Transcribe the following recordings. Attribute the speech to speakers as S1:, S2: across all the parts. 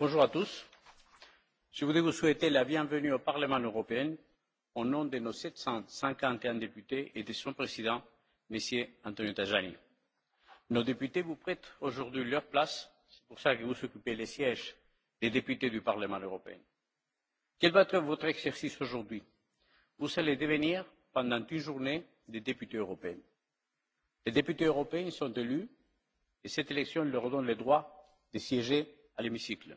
S1: bonjour à tous je voudrais vous souhaiter la bienvenue au parlement européen au nom de nos sept cent cinquante et un députés et de son président m. antonio tajani. nos députés vous prêtent aujourd'hui leur place c'est pour cela que vous occupez les sièges des députés du parlement européen. quel va être votre exercice aujourd'hui? vous allez devenir pendant une journée des députés européens. les députés européens sont élus et cette élection leur donne le droit de siéger à l'hémicycle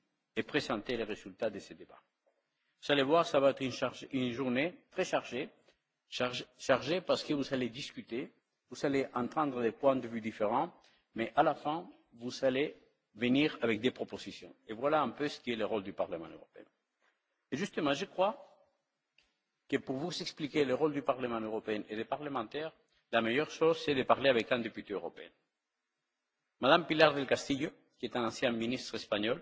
S1: et présenter les résultats de ces débats. vous allez voir cela va être une journée très chargée parce que vous allez discuter vous allez entendre des points de vue différents mais à la fin vous allez venir avec des propositions et voilà un peu ce qu'est le rôle du parlement européen. justement je crois que pour vous expliquer le rôle du parlement européen et des parlementaires la meilleure chose c'est de parler avec un député européen. mme pilar del castillo qui est une ancienne ministre espagnole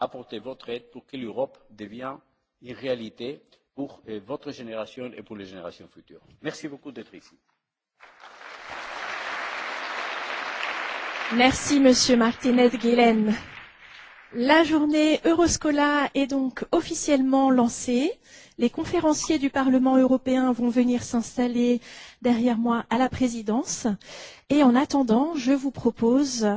S1: apportez votre aide pour que l'Europe devienne une réalité pour euh, votre génération et pour les générations futures. Merci beaucoup d'être ici.
S2: Merci Monsieur Martinez Guilen. La journée Euroscola est donc officiellement lancée. Les conférenciers du Parlement européen vont venir s'installer derrière moi à la présidence. Et en attendant, je vous propose euh,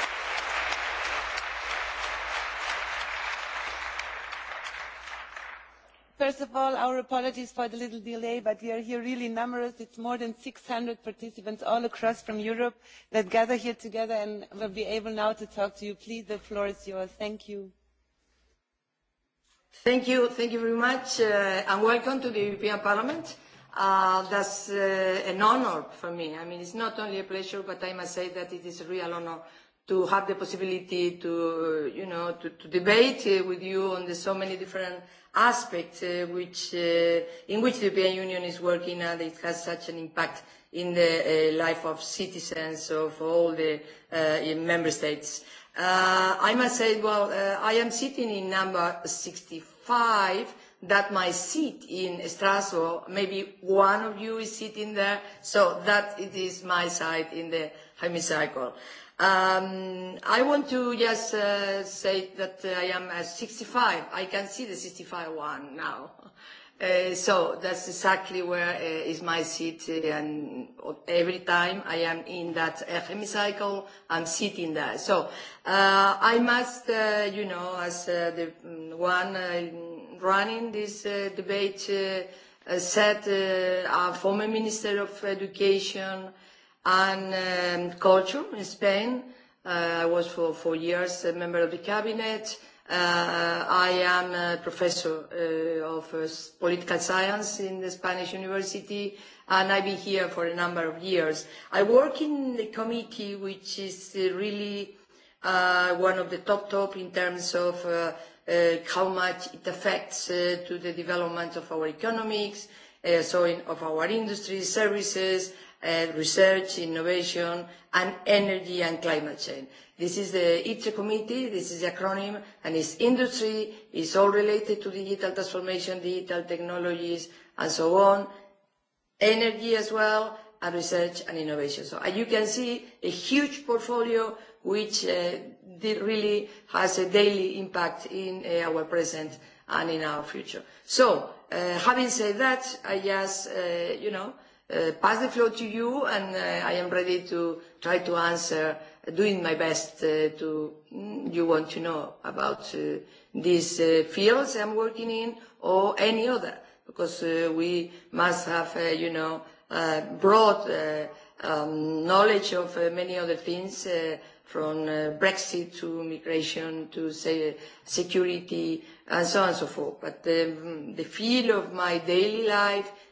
S3: first of all our apologies for the little delay but we are here really numerous it's more than six hundred participants all across from europe that gather here together and will be able now to talk to you please the floor is yours thank you
S4: thank you thank you very much uh, and welcome to the european parliament uh, that's uh, an honor for me i mean it's not only a pleasure but i must say that it is a real honor to have the possibility to, you know, to, to debate uh, with you on the so many different aspects uh, which, uh, in which the European Union is working and it has such an impact in the uh, life of citizens of all the uh, in member states. Uh, I must say, well, uh, I am sitting in number 65 that my seat in Strasbourg, maybe one of you is sitting there, so that it is my side in the hemicycle. Uh, Um, I want to just uh, say that I am uh, 65. I can see the 65 one now. Uh, so that's exactly where uh, is my seat, uh, and every time I am in that uh, hemicycle, I'm sitting there. So uh, I must, uh, you know, as uh, the mm, one uh, running this uh, debate, uh, uh, said uh, our former Minister of Education, uh, and um, culture in Spain. Uh, I was for four years a member of the cabinet. Uh, I am a professor uh, of uh, political science in the Spanish university, and I've been here for a number of years. I work in the committee, which is uh, really uh, one of the top top in terms of uh, uh, how much it affects uh, to the development of our economics, uh, so in, of our industry, services, research, innovation, and energy and climate change. This is the ITRE committee, this is the acronym, and it's industry, it's all related to digital transformation, digital technologies, and so on, energy as well, and research and innovation. So as you can see, a huge portfolio which uh, really has a daily impact in uh, our present and in our future. So uh, having said that, I just, uh, you know, uh, pass the floor to you and uh, I am ready to try to answer, doing my best uh, to, mm, you want to know about uh, these uh, fields I'm working in or any other, because uh, we must have, uh, you know, uh, broad uh, um, knowledge of uh, many other things, uh, from uh, Brexit to migration to say security and so on and so forth. But um, the field of my daily life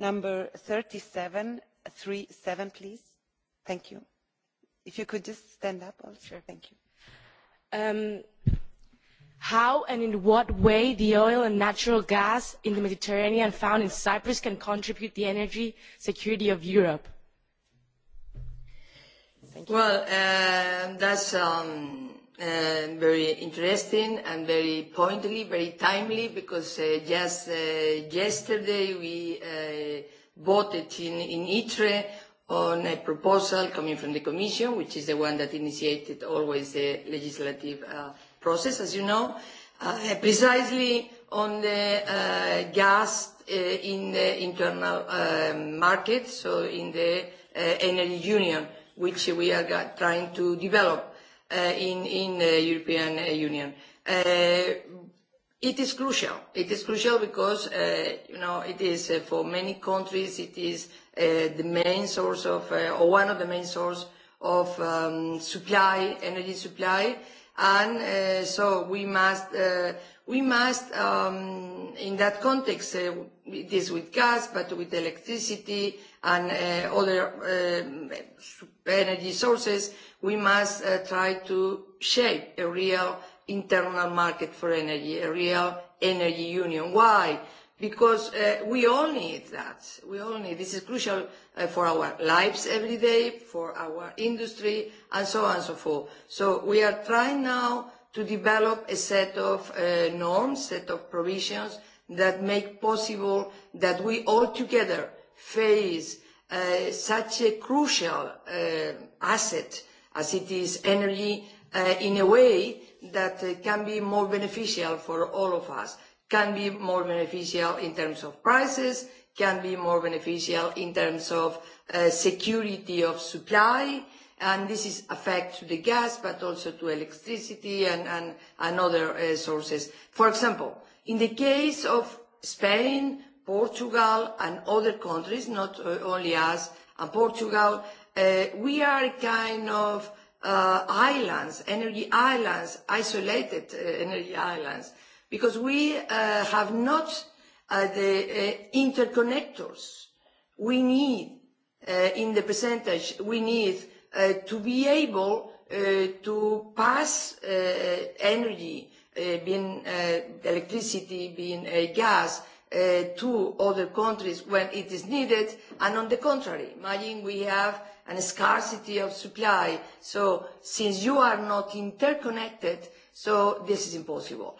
S3: Um, how and in what way
S5: the oil and natural gas in the mediterranean found in cyprus can contribute to the energy security of europe?
S4: well uh, that's um, and uh, very interesting and very pointedly, very timely, because uh, just uh, yesterday we uh, voted in, in ITRE on a proposal coming from the Commission, which is the one that initiated always the legislative uh, process, as you know, uh, precisely on the uh, gas uh, in the internal uh, market, so in the uh, energy union, which we are uh, trying to develop. Eh, in, in the eh, European eh, Union. Uh, it is crucial. It is crucial because, uh, you know, it is uh, for many countries, it is uh, the main source of, uh, or one of the main source of um, supply, energy supply. And uh, so we must, uh, we must um, in that context, uh, it is with gas, but with electricity, uh, and uh, other uh, energy sources, we must uh, try to shape a real internal market for energy, a real energy union. Why? Because uh, we all need that. We all need. This is crucial uh, for our lives every day, for our industry, and so on and so forth. So we are trying now to develop a set of uh, norms, set of provisions that make possible that we all together face uh, such a crucial uh, asset as it is energy uh, in a way that uh, can be more beneficial for all of us, can be more beneficial in terms of prices, can be more beneficial in terms of uh, security of supply, and this is affect to the gas, but also to electricity and, and, and other uh, sources. For example, in the case of Spain, Portugal and other countries, not uh, only us and Portugal, uh, we are kind of uh, islands, energy islands, isolated energy islands, because we have not the interconnectors in the percentage we need to be able to pass energy, being electricity, being gas, Uh, to other countries when it is needed. On the contrary, imagine we have a scarcity of supply. Since you are not interconnected, so this is impossible.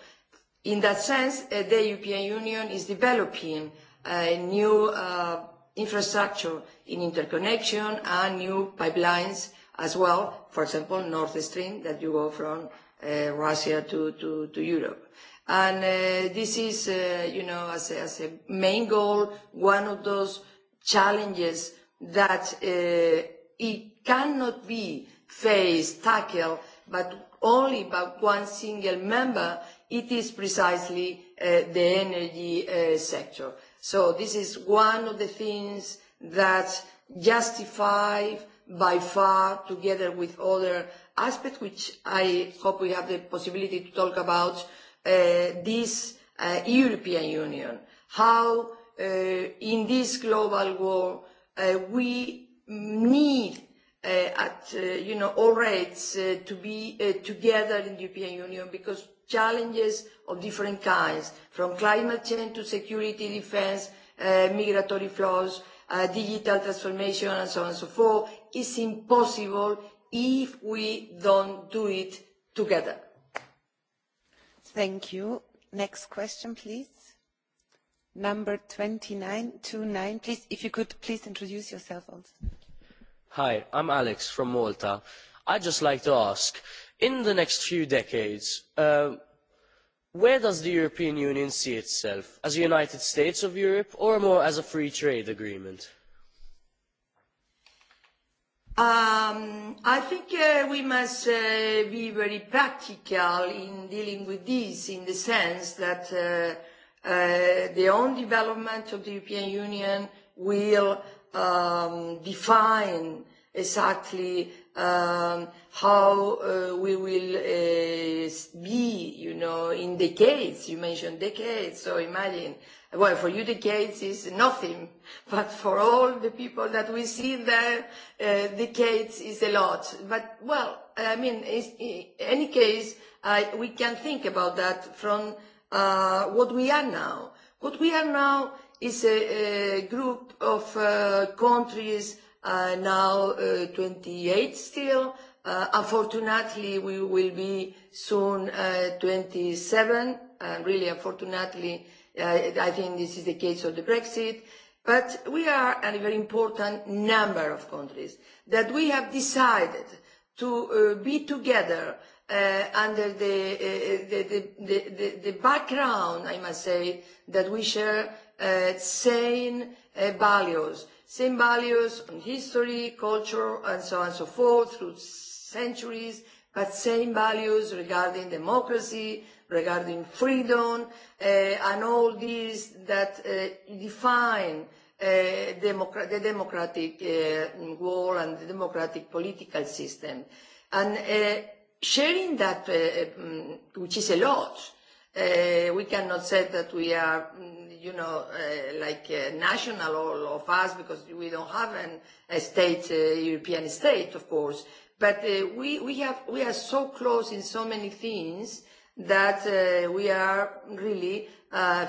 S4: In that sense, uh, the European Union is developing a new uh, infrastructure in interconnection and new pipelines as well. For example, Nord Stream that you go from Russia to Europe. And uh, this is, uh, you know, as a, as a main goal, one of those challenges that uh, it cannot be faced, tackled, but only by one single member, it is precisely uh, the energy uh, sector. So this is one of the things that justify by far, together with other aspects, which I hope we have the possibility to talk about, uh, Uh, this uh, European Union, how uh, in this global war uh, we need uh, at, uh, you know, all rates uh, to be uh, together in the European Union because challenges of different kinds, from climate change to security, defense, uh, migratory flows, uh, digital transformation and so on and so forth, is impossible if we
S3: don't do it together thank you next question please number 2929 please if you could please introduce yourself also
S6: hi i'm alex from malta i'd just like to ask in the next few decades uh, where does the european union see itself as a united states of europe or more as a free trade agreement
S4: Um, I think uh, we must uh, be very practical in dealing with this in the sense that uh, uh, the own development of the European Union will um, define exactly um, how uh, we will uh, be, you know, in decades. You mentioned decades, so imagine well, for you, the case is nothing, but for all the people that we see there, uh, the case is a lot. But, well, I mean, in any case, I, we can think about that from uh, what we are now. What we are now is a, a group of uh, countries, uh, now uh, 28 still. Uh, unfortunately, we will be soon uh, 27, and uh, really, unfortunately, I think this is the case of the Brexit. But we are a very important number of countries that we have decided to uh, be together uh, under the, uh, the, the, the, the background, I must say, that we share uh, same uh, values, same values on history, culture, and so on and so forth through centuries, but same values regarding democracy, regarding freedom, uh, and all these that uh, define uh, eh, democ- the democratic uh, world and the democratic political system. And uh, sharing that, uh, which is a lot, uh, we cannot say that we are, mm, you know, uh, like uh, national all of us because we don't have an, a state, uh, European state, of course, but uh, we we have we are so close in so many things that uh, we are really uh,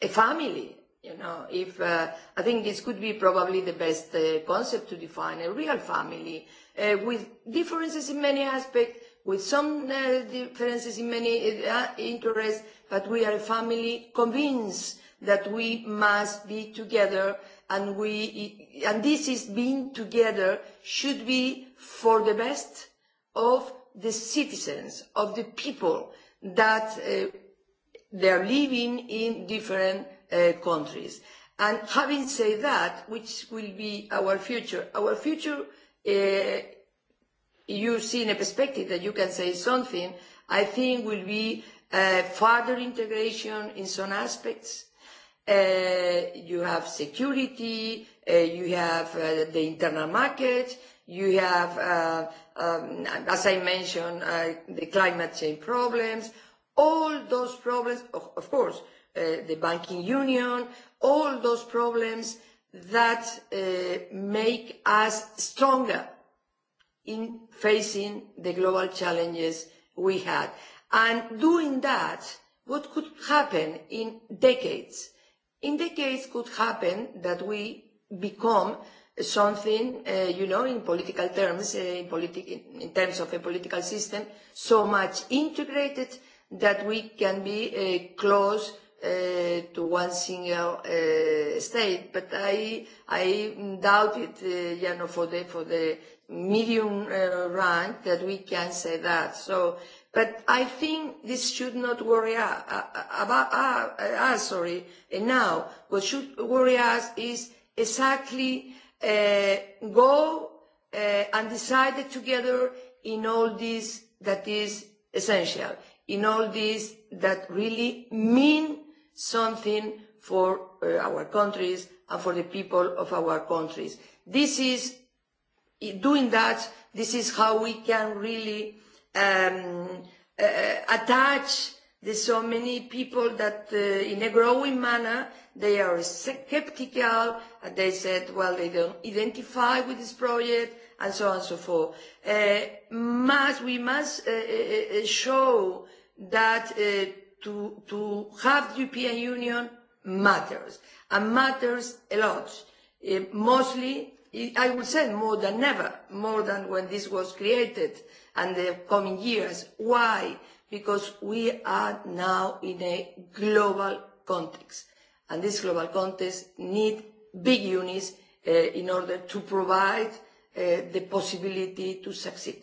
S4: a family you know if uh, i think this could be probably the best uh, concept to define a real family uh, with differences in many aspects with some uh, differences in many uh, interests but we are a family convinced that we must be together and we and this is being together should be for the best of the citizens, of the people that uh, they are living in different uh, countries. And having said that, which will be our future? Our future, uh, you see in a perspective that you can say something, I think will be uh, further integration in some aspects. Uh, you have security, uh, you have uh, the internal market, uh, You have, uh, um, as I mentioned, uh, the climate change problems, all those problems, of, of course, uh, the banking union, all those problems that uh, make us stronger in facing the global challenges we had. And doing that, what could happen in decades? In decades could happen that we become uh, something, uh, you know, in political terms, uh, in, politi- in terms of a political system, so much integrated that we can be uh, close uh, to one single uh, state. But I, I doubt it, uh, you know, for the, for the medium uh, run that we can say that. So, but I think this should not worry uh, uh about us, uh, uh, sorry, uh, now. What should worry us is exactly uh, uh, go uh, and decide together in all this that is essential, in all this that really mean something for uh, our countries and for the people of our countries. This is, doing that, this is how we can really um, uh, uh attach there's so many people that uh, in a growing manner they are skeptical and they said well they don't identify with this project and so on and so forth. Uh, must, we must uh, uh, uh show that uh, to, to have the European Union matters and matters a lot. Uh, mostly, I would say more than ever, more than when this was created and the coming years. Why? because we are now in a global context, and this global context need big units uh, in
S3: order to provide uh, the possibility to succeed.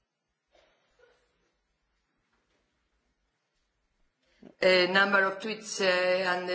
S4: number of tweets uh, and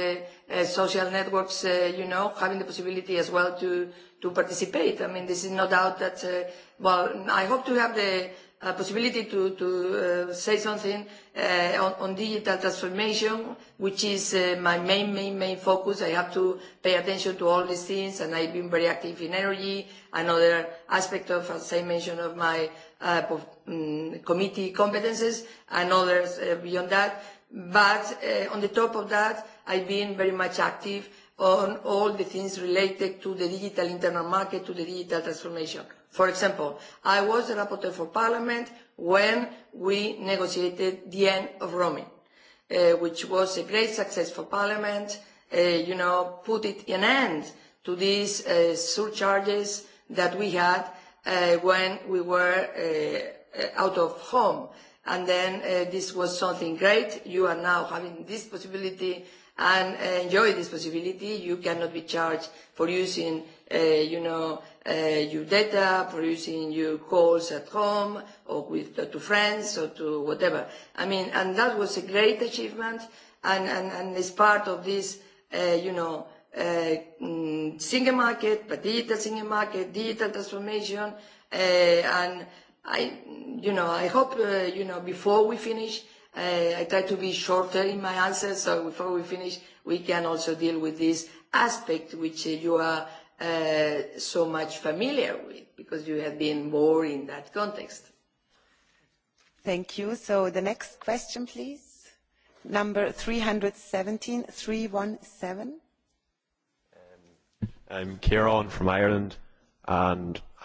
S4: uh, uh, social networks, uh, you know, having the possibility as well to, to participate. I mean, this is no doubt that, uh, well, I hope to have the uh, possibility to, to uh, say something uh, on, on digital transformation, which is uh, my main, main, main focus. I have to pay attention to all these things, and I've been very active in energy. Another aspect of, as I mentioned, of my uh, um, committee competences, and others uh, beyond that. But uh, on the top of that, I've been very much active on all the things related to the digital internal market, to the digital transformation. For example, I was a rapporteur for Parliament when we negotiated the end of roaming, uh, which was a great success for Parliament, uh, put an end to these surcharges that we had when we were out of home and then uh, this was something great. You are now having this possibility and uh, enjoy this possibility. You cannot be charged for using, uh, you know, uh, your data, for using your calls at home or with uh, to friends or to whatever. I mean, and that was a great achievement, and and and it's part of this, uh, you know. Uh, mm, single market, but digital single market, digital transformation, uh, and I, you know, I hope, uh, you know, before we finish, uh, I try to be shorter in my answers. So before we finish, we can also deal with this aspect, which uh, you are uh, so much familiar with because you have been more in that context.
S3: Thank you. So the next question, please. Number 317, 317.
S7: Um, I'm Ciarán from Ireland and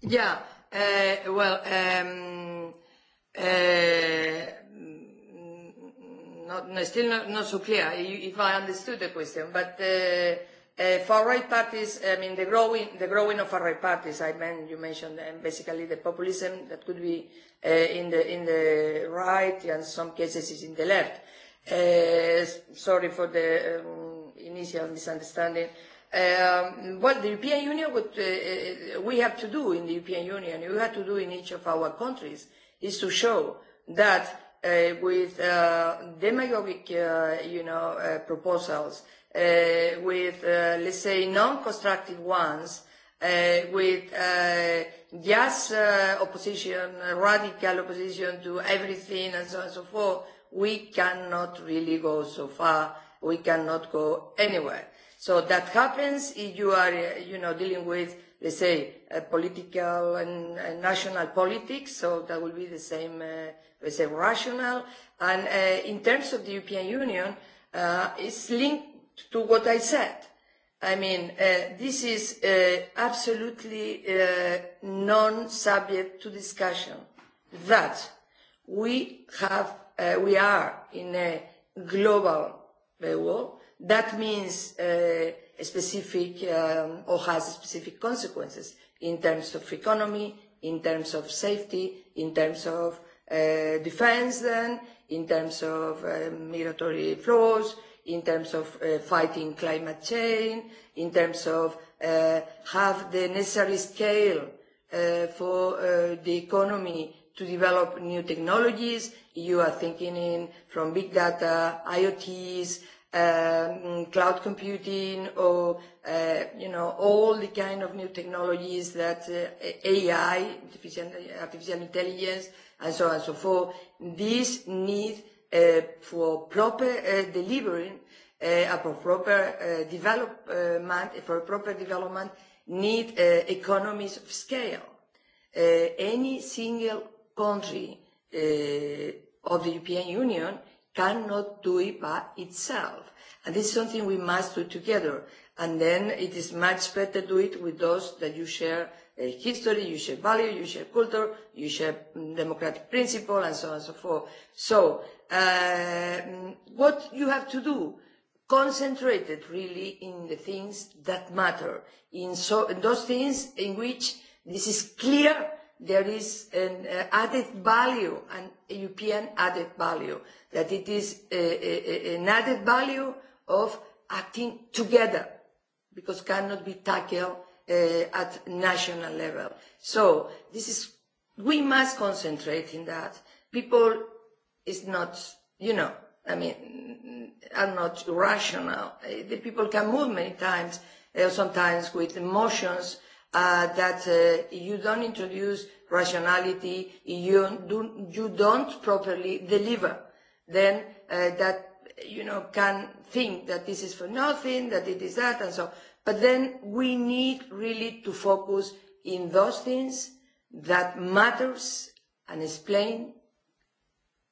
S4: Yeah. Uh, well, um, uh, no, still not so clear if I understood the question. Uh, far-right parties, I mean, the growing of far-right parties, I meant, you mentioned, basically the populism that could be in the right, and some cases is in the left. Sorry for the um, initial misunderstanding. Um, well, the European Union, what uh, uh, we have to do in the European Union, we have to do in each of our countries, is to show that uh, with uh, demagogic, uh, you know, uh, proposals, uh, with, uh, let's say, non-constructive ones, uh, with uh, just uh, opposition, radical opposition to everything and so on and so forth, we cannot really go so far. We cannot go anywhere. So that happens if you are, uh, you know, dealing with, let's say, uh, political and uh, national politics. So that will be the same, uh, let's say, rational. And uh, in terms of the European Union, uh, it's linked to what I said. I mean, uh, this is uh, absolutely uh, non-subject to discussion. That we have, uh, we are in a global uh, world, that means uh, a specific um, or has specific consequences in terms of economy, in terms of safety, in terms of uh, defense then, in terms of uh, migratory flows, in terms of uh, fighting climate change, in terms of uh, have the necessary scale uh, for uh, the economy to develop new technologies. You are thinking in from big data, IoTs, Um, cloud computing or uh, you know all the kind of new technologies that uh, AI, artificial, artificial intelligence, and so on and so forth. This need uh, for proper uh, delivering, uh, for proper uh, development, uh, for proper development, need uh, economies of scale. Uh, any single country uh, of the European Union cannot do it by itself. And this is something we must do together. And then it is much better to do it with those that you share a uh, history, you share value, you share culture, you share mm, democratic principle, and so on and so forth. So, uh, what you have to do? Concentrated really in the things that matter, in, so, in those things in which this is clear there is an uh, added value, an UPN added value, that it is an added value of acting together because cannot be tackled uh, at national level. So this is. We must concentrate in that. People is not, you know, I
S8: mean,
S4: are not rational. The people can move many times, uh, sometimes with emotions, Uh, that uh, you don't introduce rationality, you don't properly deliver, then uh, that you know can think that this is for nothing, that it is that, and so. But then we need really to focus in those things that matters and explain,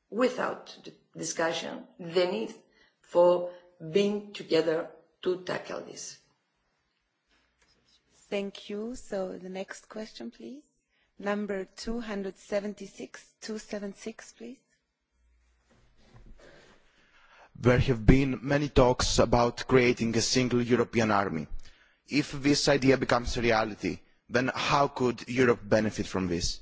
S4: without discussion, the need for being together to tackle this.
S3: Thank you. The next question, please. Number 276. 276, please.
S9: There have been many talks about creating a single European army. If this idea becomes a reality, then how could Europe benefit from this?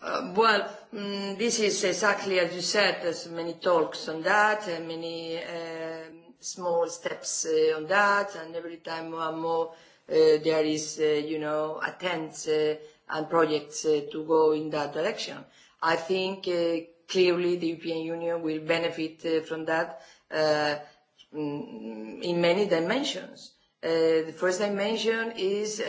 S4: Uh, well, mm, this is exactly as you said, there's many talks on that and uh, many uh, small steps uh, on that and every time more and more uh, there is, uh, you know, attempts uh, and projects uh, to go in that direction. I think uh, clearly the European Union will benefit uh, from that uh, mm, in many dimensions. Uh, the first dimension is uh,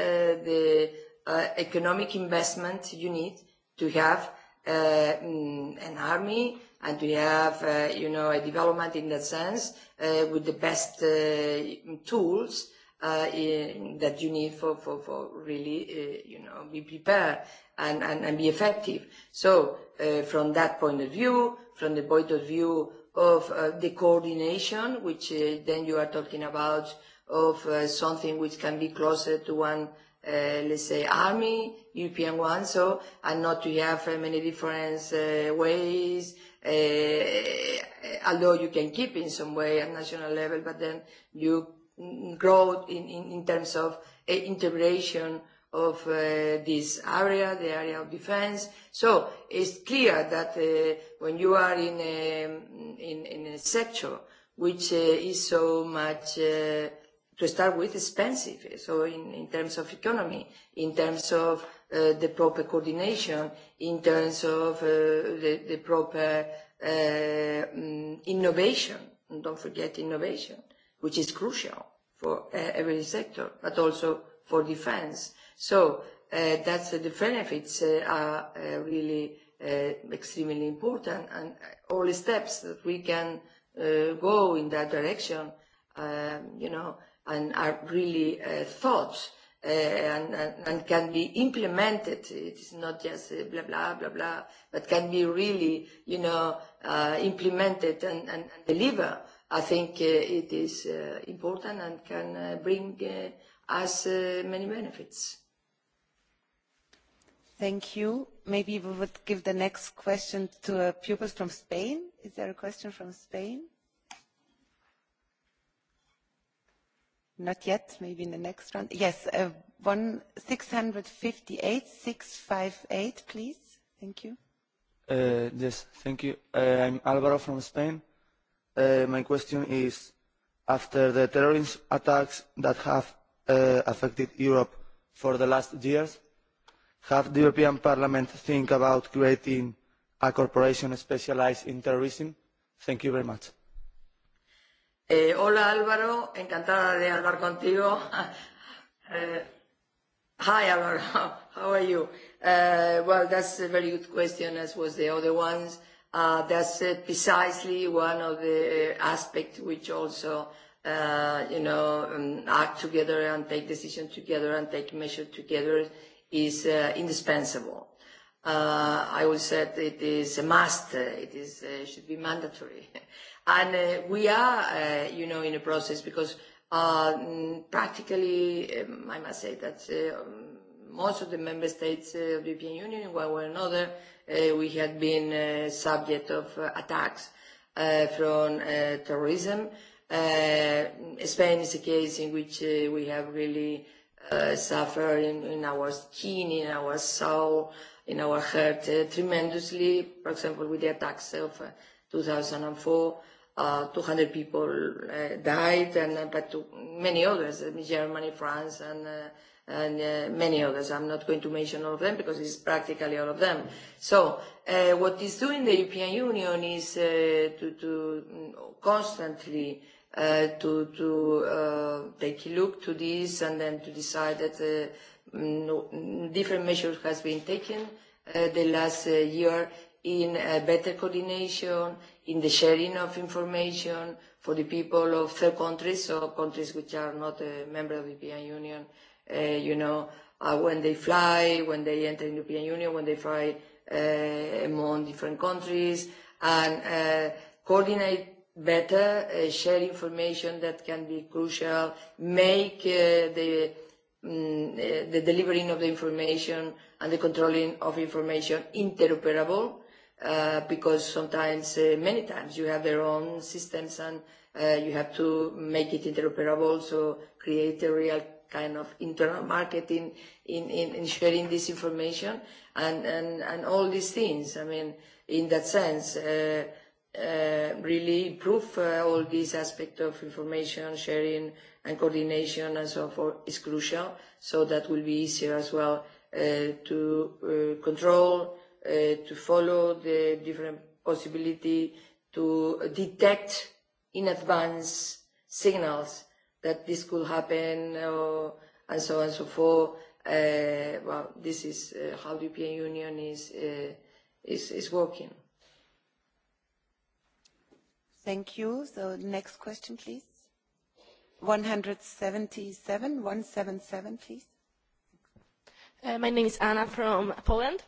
S4: the uh, economic investment you need to have uh, mm, an army and we have uh, you know a development in that sense uh, with the best uh, tools uh, in, that you need for, for, for really uh, you know be prepared and, and, and be effective. So uh, from that point of view, from the point of view of uh, the coordination, which uh, then you are talking about of uh, something which can be closer to one, uh, let's say, army, European one, so, and not to have uh, many different uh, ways, uh, uh, although you can keep in some way at national level, but then you grow in, in, in terms of uh, integration of uh, this area, the area of defense. So it's clear that uh, when you are in a, in, in a sector which uh, is so much, uh, to start with, expensive, so in, in terms of economy, in terms of Uh, the proper coordination in terms of uh, the, the proper uh, mm, innovation. And don't forget innovation, which is crucial for uh, every sector, but also for defense. So uh, that's uh, the benefits uh, are uh, really uh, extremely important, and all the steps that we can uh, go in that direction, um, you know, and are really uh, thoughts. Eh, and, and, and can be implemented. It is not just eh, blah blah blah blah, but can be really, you know, uh, implemented and, and, and deliver. I think uh, it is uh, important and can uh, bring
S3: uh, us uh, many benefits. Thank you. Maybe we would give the next question to a uh, pupil from Spain. Is there a question from Spain? Not yet. Maybe in the next round. Yes, 658, uh, 658, please. Thank you.
S9: Uh, yes. Thank you. Uh, I'm Alvaro from Spain. My question is, after the terrorist attacks that have affected Europe for the last years, have the European Parliament think about creating a corporation specialized in terrorism? Thank you very much.
S4: Eh, hola Álvaro, encantada de hablar contigo. uh, hi Álvaro, how are you? Uh, well, that's a very good question, as was the other ones. Uh, that's uh, precisely one of the aspects which also, uh, you know, um, act together and take decision together and take measure together is uh, indispensable. Uh, I would say it is a must. It is uh, should be mandatory. uh, And uh, we are, uh, you know, in a process because uh, practically, um, I must say that most of the member states of the European Union, one way or another, we have been subject of attacks from terrorism. Spain is a case in which we have really suffered in our skin, in our soul, in our heart, tremendously, for example, with the attacks of 2004. 200 uh, people uh, died, and uh, but to many others, uh, Germany, France, and, uh, and uh, many others. I'm not going to mention all of them because it's practically all of them. So uh, what is doing the European Union is uh, to, to mm, constantly uh, to, to uh, take a look to this and then to decide that uh, mm, no, different measures has been taken uh, the last uh, year in a uh, better coordination, in the sharing of information for the people of third countries, so countries which are not a member of the European Union, uh, you know, uh, when they fly, when they enter the European Union, when they fly uh, among different countries, and uh, coordinate better, uh, share information that can be crucial, make uh, the, mm, uh, the delivering of the information and the controlling of information interoperable, uh, Uh, because sometimes, uh, many times, you have their own systems and uh, you have to make it interoperable, so create a real kind of internal market in, in, in, in sharing this information and, and, and all these things. I mean, in that sense, uh, uh, really improve uh, all these aspects of information sharing and coordination and so forth is crucial. So that will be easier as well uh, to uh, control Uh, to follow the different possibility to detect in advance signals that this could happen or, uh, and so on and so forth. Uh, well, this is uh, how the European
S3: Union is, uh, is, is working. Thank you. So next question, please. 177, 177, please. Uh, my name is Anna from Poland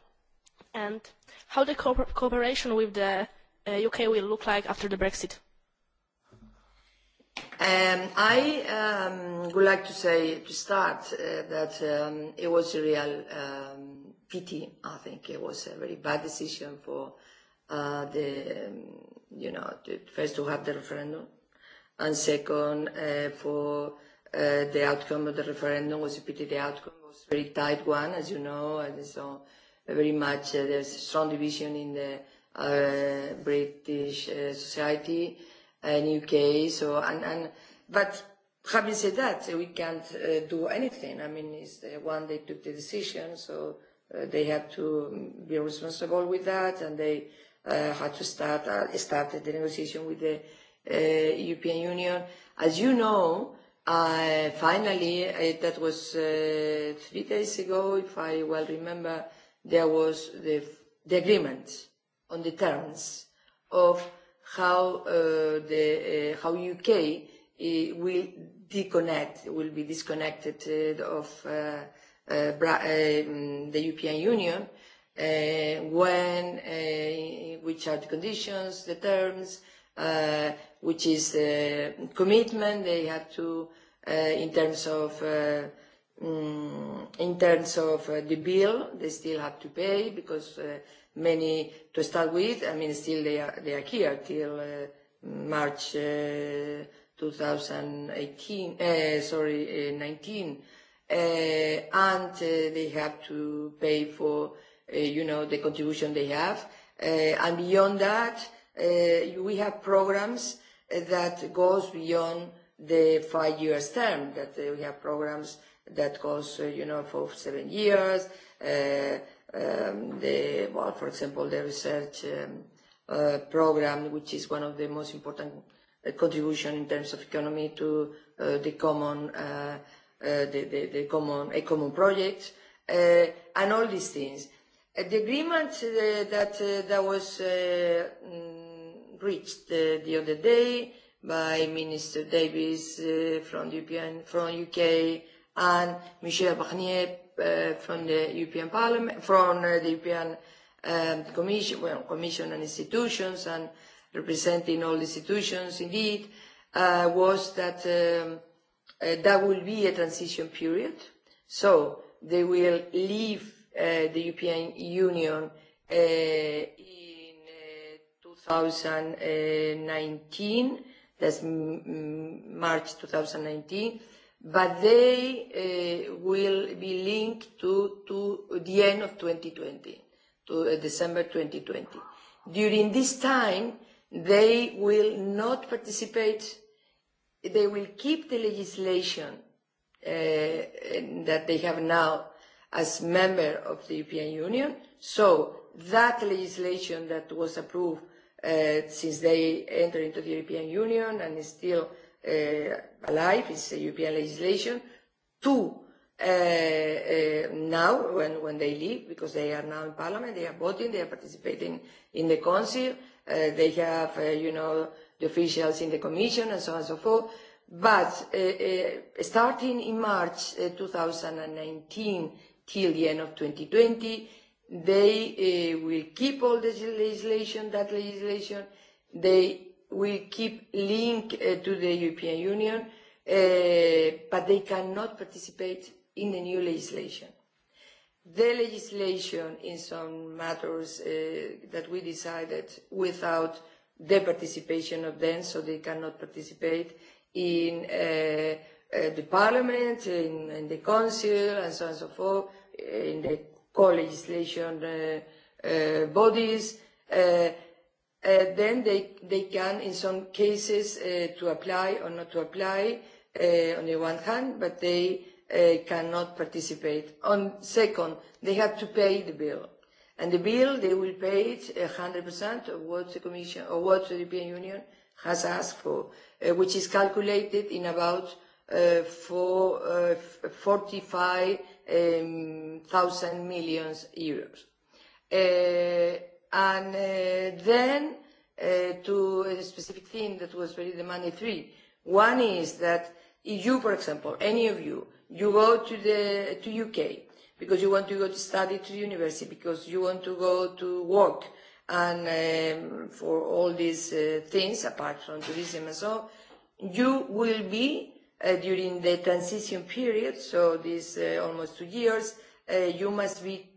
S10: and how the co- cooperation with the uh, UK will look like after the Brexit? Um, I um, would like to
S4: say to start uh, that um, it was a real um, pity. I think it was a very bad decision for uh, the, um, you know, to first to have the referendum and second uh, for uh, the outcome of the referendum was a pity. The outcome was a very tight one, as you know, and so very much uh, there's a strong division in the uh, British uh, society and uh, UK. So, and, and, but having said that, uh, we can't uh, do anything. I mean, it's the one they took the decision, so uh, they have to be responsible with that and they uh, had to start, uh, start the negotiation with the uh, European Union. As you know, uh, finally, uh, that was uh, three days ago, if I well remember, there was the, the agreement on the terms of how uh, the uh, how UK uh, will disconnect will be disconnected uh, of uh, uh, uh mm, the European Union uh, when uh, which are the conditions the terms uh, which is the commitment they had to uh, in terms of uh, Mm, in terms of uh, the bill, they still have to pay because uh, many to start with, I mean, still they are here till uh, March 2018, sorry, 2019. And they have to pay for, you know, the contribution they have. And beyond that, we have programs that goes beyond the five years term, that we have programs that goes, uh, you know, for seven years. Uh, um, well, for example, the research um, uh, program, which is one of the most important contribution in terms of economy to the common project, and all these things. The agreement that was mm, reached the other day by Minister Davies from U.K and Michel Barnier uh, from the European Parliament, from uh, the European um, Commission, well, Commission and institutions, and representing all the institutions, indeed, uh, was that um, uh, that will be a transition period. So they will leave uh, the European Union uh, in uh, 2019, that's m- m- March 2019, but they uh, will be linked to the end of 2020, to uh, December 2020. During this time, they will not participate. They will keep the legislation uh, that they have now as member of the European Union. That legislation that was approved since they entered into the European Union and is still Uh, alive, it's a European legislation, to uh, uh, now, when, when they leave, because they are now in Parliament, they are voting, they are participating in the Council, uh, they have, uh, you know, the officials in the Commission, and so on and so forth. But uh, uh, starting in March uh, 2019 till the end of 2020, they uh, will keep all this legislation, that legislation. They we keep link uh, to the European Union, uh, but they cannot participate in the new legislation. The legislation in some matters uh, that we decided without the participation of them, so they cannot participate in uh, uh, the parliament, in, in the council, and so on and so forth, in the co-legislation uh, uh, bodies, uh, Uh, then they, they can, in some cases, uh, to apply or not to apply uh, on the one hand, but they uh, cannot participate. On second, they have to pay the bill. And the bill, they will pay it 100% of what the Commission or what the European Union has asked for, uh, which is calculated in about uh, four, uh, 45,000 um, million euros. Uh, and uh, then uh, two specific things that was very demanding. Three. One is that if you, for example, any of you, you go to the to UK because you want to go to study to university because you want to go to work and um, for all these uh, things apart from tourism and so you will be uh, during the transition period so this uh, almost two years uh, you must be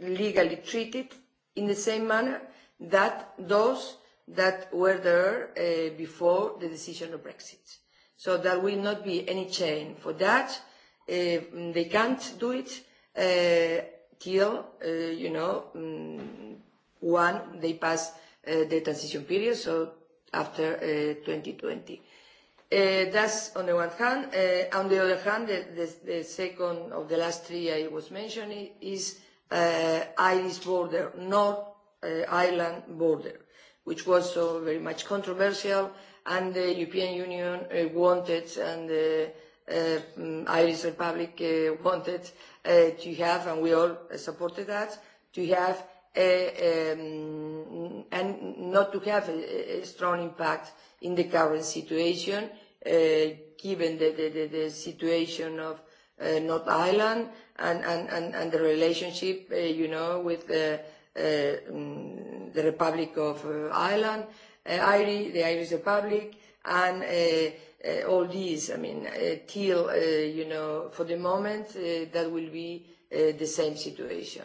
S4: legally treated in the same manner that those that were there uh, before the decision of Brexit. There will not be any change for that. Uh, they can't do it uh, till, you know, mm, one, they pass the transition period, so after 2020. That's on the one hand. On the other hand, the second of the last three I was mentioning is Irish border, North Ireland border which was so very much controversial, and the European Union uh, wanted, and the uh, uh, Irish Republic uh, wanted uh, to have, and we all supported that, to have a, um, and not to have a, a strong impact in the current situation, uh, given the, the, the, the situation of uh, North Ireland and, and, and, and the relationship, uh, you know, with the uh, Uh, the Republic of uh, Ireland, uh, IRI, the Irish Republic, and uh, uh, all these, I mean, uh, till, uh, you know, for the moment, uh, that will be uh, the same situation.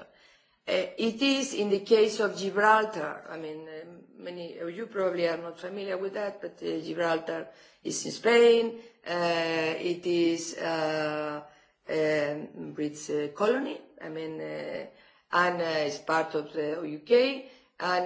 S4: Uh, it is in the case of Gibraltar, I mean, uh, many of you probably are not familiar with that, but uh, Gibraltar is in Spain, uh, it is uh, a um, Brits uh, colony, I mean, uh, and uh, is part of the UK. And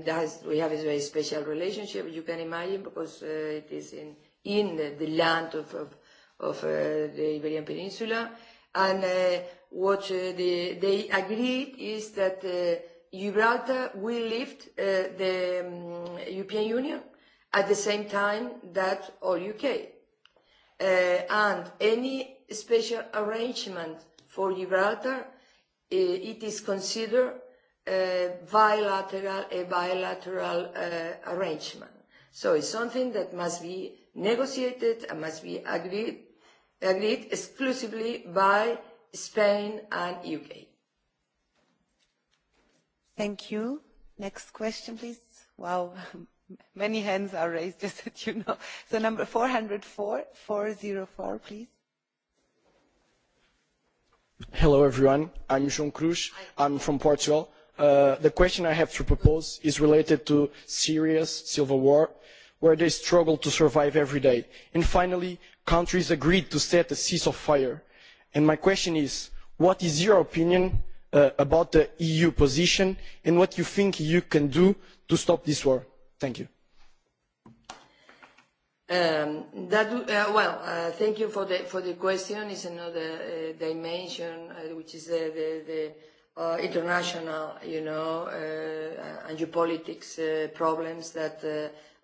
S4: um, that has, we have a very special relationship, you can imagine, because uh, it is in, in the, the land of, of, of uh, the Iberian Peninsula. And uh, what uh, the, they agreed is that uh, Gibraltar will lift uh, the um, European Union at the same time that all UK. Uh, and any special arrangement for Gibraltar Eh, it is considered a bilateral, a bilateral uh, arrangement. So it's something that must be negotiated and must be agreed, agreed exclusively by Spain and UK.
S3: Thank you. Next question, please. Wow, many hands are raised, just that you know. So number 404, 404, please.
S11: Hello, everyone. I'm João Cruz. I'm from Portugal. Uh, the question I have to propose is related to Syria's civil war, where they struggle to survive every day. And finally, countries agreed to set a cease of fire. And my question is, what is your opinion uh, about the EU position and what you think you can do to stop this war? Thank you.
S4: Um, that, uh, well, uh, thank you for the question. It's another uh, dimension, which is the international, you know, and geopolitics problems that,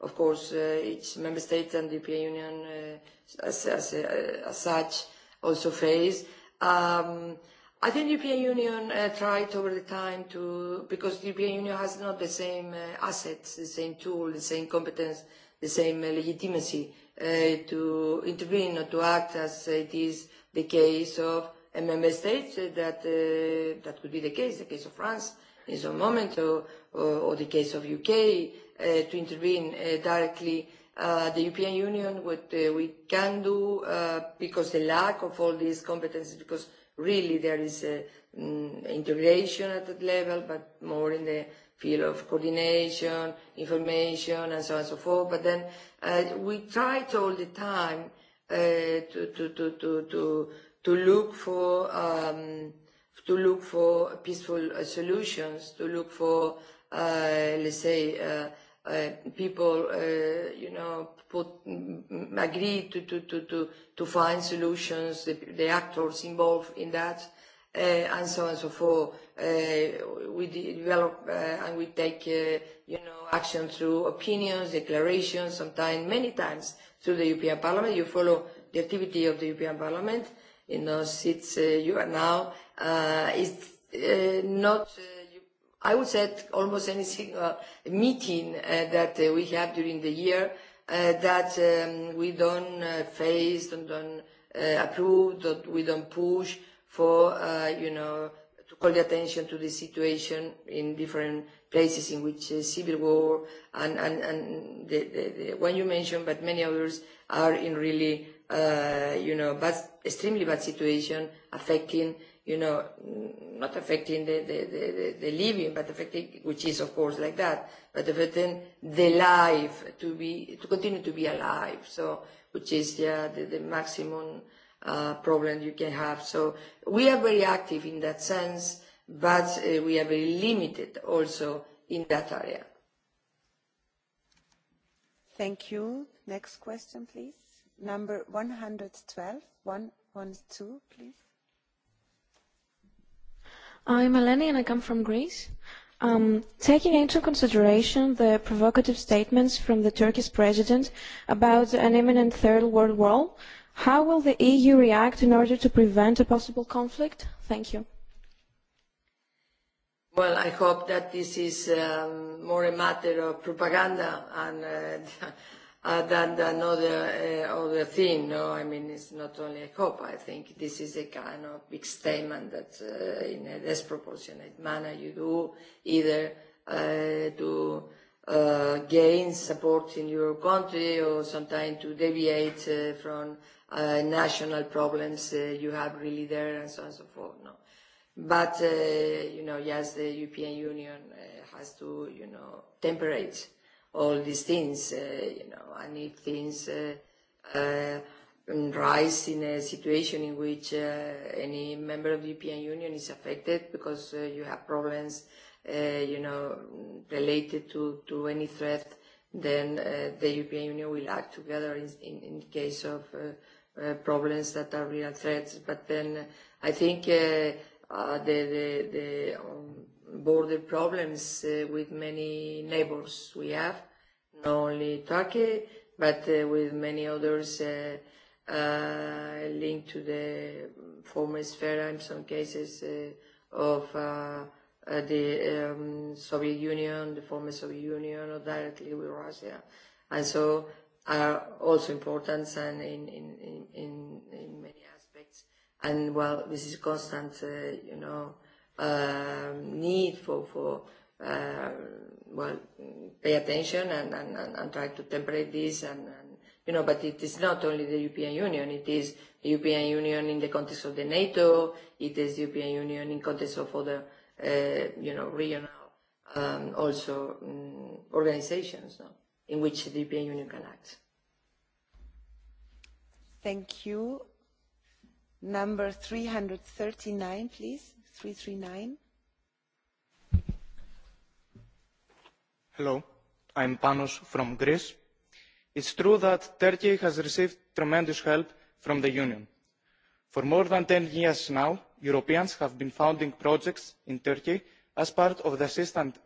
S4: of course, each member state and European Union,
S6: as
S4: such, also face. Um, I think European Union tried over the time to... Because European Union has not the same assets, the same tool, the same competence the same legitimacy uh, to intervene or to act as it is the case of a member state uh, that, uh, that could be the case, the case of France in some moment or, or, or the case of UK uh, to intervene uh, directly. Uh, the European Union, what uh, we can do uh, because the lack of all these competences, because really there is a, uh, um, mm, integration at that level, but more in the field of coordination, information, and so on and so forth. But then uh, we tried all the time uh, to, to, to, to, to, to look for um, to look for peaceful uh, solutions, to look for uh, let's say uh, uh, people uh, you know put, agree to, to, to, to, to find solutions, the, the actors involved in that. Uh, and so on and so forth. Uh, we develop uh, and we take, uh, you know, action through opinions, declarations, sometimes, many times, through the European Parliament. You follow the activity of the European Parliament in those seats uh, you are now. Uh, it's uh, not, uh, you, I would say, almost any single meeting uh, that uh, we have during the year uh, that um, we don't uh, face, don't, don't uh, approve, that we don't push, uh, for, uh, you know, to call the attention to the situation in different places in which uh, civil war and the one you mentioned, but many others are in really, uh, you know, extremely bad situation affecting, you know, not affecting the living, but affecting, which is of course like that, but affecting the life to continue to be alive. Which is, yeah, the maximum Uh, problem you can have. So we are very active in that sense, but uh, we are very limited also in that area.
S3: Thank you. Next question, please. Number 112, 112, please.
S12: I'm Eleni and I come from Greece.
S2: Um, taking into consideration the provocative statements from the Turkish president about an imminent third world war, How will the EU react in order to prevent a possible conflict? Thank you.
S4: Well, I hope that this is um, more a matter of propaganda and, uh, uh, than, than other, uh, other thing. No, I mean, it's not only a hope. I think this is a kind of big statement that uh, in a disproportionate manner you do either uh, to uh, gain support in your country or sometimes to deviate uh, from Uh, national problems uh, you have really there and so on and so forth. No. But, uh, you know, yes, the European Union uh, has to, you know, temperate all these things, uh, you know, and if things uh, uh, mm, rise in a situation in which uh, any member of the European Union is affected because uh, you have problems, uh, you know, related to, to any threat, then uh, the European Union will act together in, in, in case of uh, Uh, problems that are real threats. But then uh, I think uh, uh, the, the, the um, border problems uh, with many neighbors we have, not only Turkey, but uh, with many others uh, uh, linked to the former sphere in some cases uh, of uh, uh, the um, Soviet Union, the former Soviet Union, or directly with Russia. And so are also important and in many aspects. And while this is constant, uh, you know, um, need for uh, well, pay attention and try to temper this and, you know, but it is not only the European Union, it is European Union in the context of the NATO, it is European Union in context of other, uh, you know, regional, um, also, mm, organizations, no? in which the european union can
S3: act. thank you. number 339, please. 339.
S9: hello. i'm panos from greece. it's true that turkey has received tremendous help from the union. for more than 10 years now, europeans have been founding projects in turkey as part of the assistance,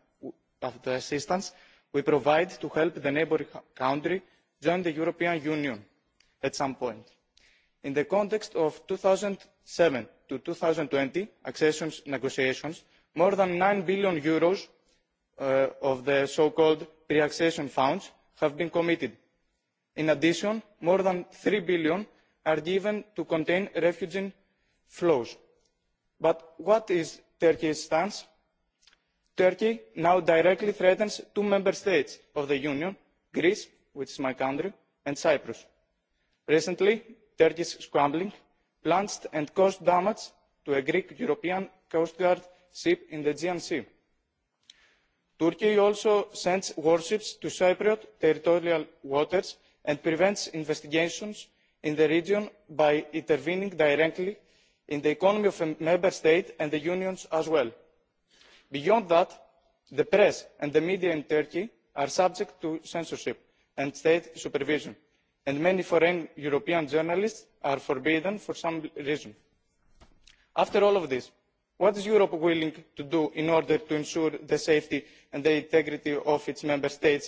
S9: of the assistance we provide to help the neighbouring country join the european union at some point. in the context of two thousand and seven to two thousand and twenty accession negotiations more than eur nine billion uh, of the so called pre accession funds have been committed. in addition more than eur three billion are given to contain refugee flows. but what is turkey's stance? turkey now directly threatens two member states of the union greece which is my country and cyprus. recently turkey's scrambling plunged and caused damage to a greek european coast guard ship in the aegean sea. turkey also sends warships to cypriot territorial waters and prevents investigations in the region by intervening directly in the economy of a member state and the union's as well beyond that the press and the media in turkey are subject to censorship and state supervision and many foreign european journalists are forbidden for some reason. after all of this what is europe willing to do in order to ensure the safety and the integrity of its member states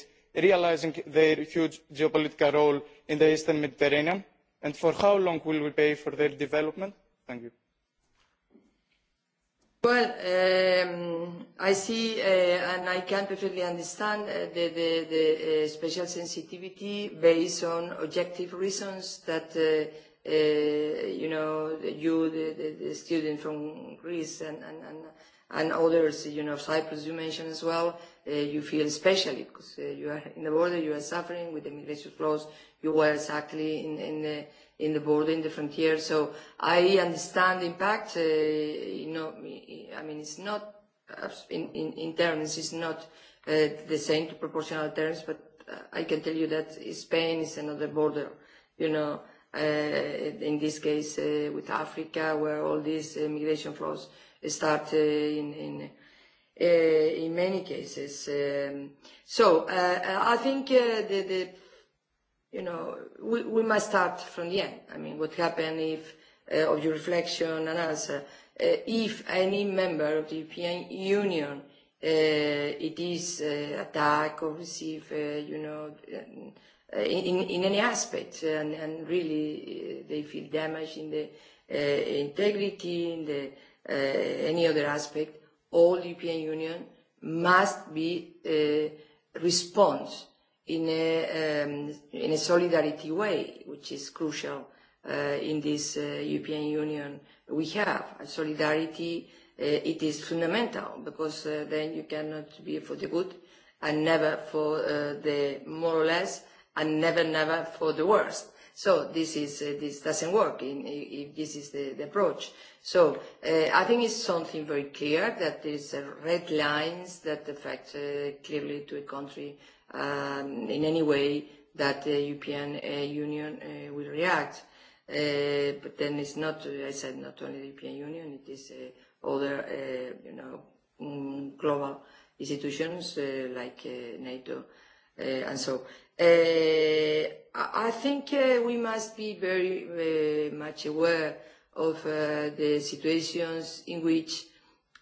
S9: realising their huge geopolitical role in the eastern mediterranean and for how long will we pay for their development?
S4: Well, um, I see, uh, and I can perfectly understand uh, the uh, special sensitivity based on objective reasons that, you know, you, the student from Greece and others, you know, Cyprus, you mentioned as well, you feel especially because you are in the border, you are suffering with the immigration flows. You were exactly in the in the border, in the frontier. So I understand the impact. Uh, you know, I mean, it's not in, in, in terms, it's not uh, the same to proportional terms, but uh, I can tell you that Spain is another border, you know, uh, in this case uh, with Africa, where all these uh, migration flows start uh, in. in uh, in many cases. Um, so uh, I think uh, the, the you know, we, we must start from the end. I mean, what happened if, uh, of your reflection and answer, uh, if any member of the European Union, uh, it is uh, attacked or received, uh, you know, uh, in, in any aspect, uh, and, and really uh, they feel damaged in the uh, integrity, in the uh, any other aspect, all the European Union must be uh, response in a, um, in a solidarity way, which is crucial uh, in this uh, European Union. We have a solidarity. Uh, it is fundamental because uh, then you cannot be for the good and never for uh, the more or less and never, never for the worst. So this is uh, this doesn't work in, if this is the, the approach. So uh, I think it's something very clear that there is a uh, red lines that affect uh, clearly to a country uh, Um, in any way that the European uh, Union uh, will react. Uh, but then it's not, uh, I said, not only the European Union, it is uh, other, uh, you know, mm, global institutions uh, like uh, NATO uh, and so. Uh, I think uh, we must be very uh, much aware of uh, the situations in which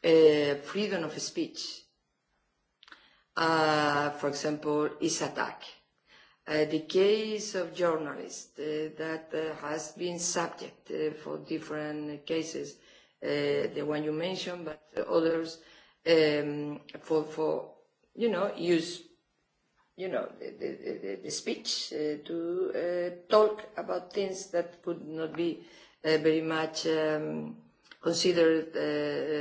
S4: uh, freedom of speech for example, is attack. Uh, the case of journalists uh, that uh, has been subject uh, for different cases, uh, the one you mentioned, but others, um, for, for, you know, use, you know, the, the, the speech uh, to uh, talk about things that could not be uh, very much um, considered uh,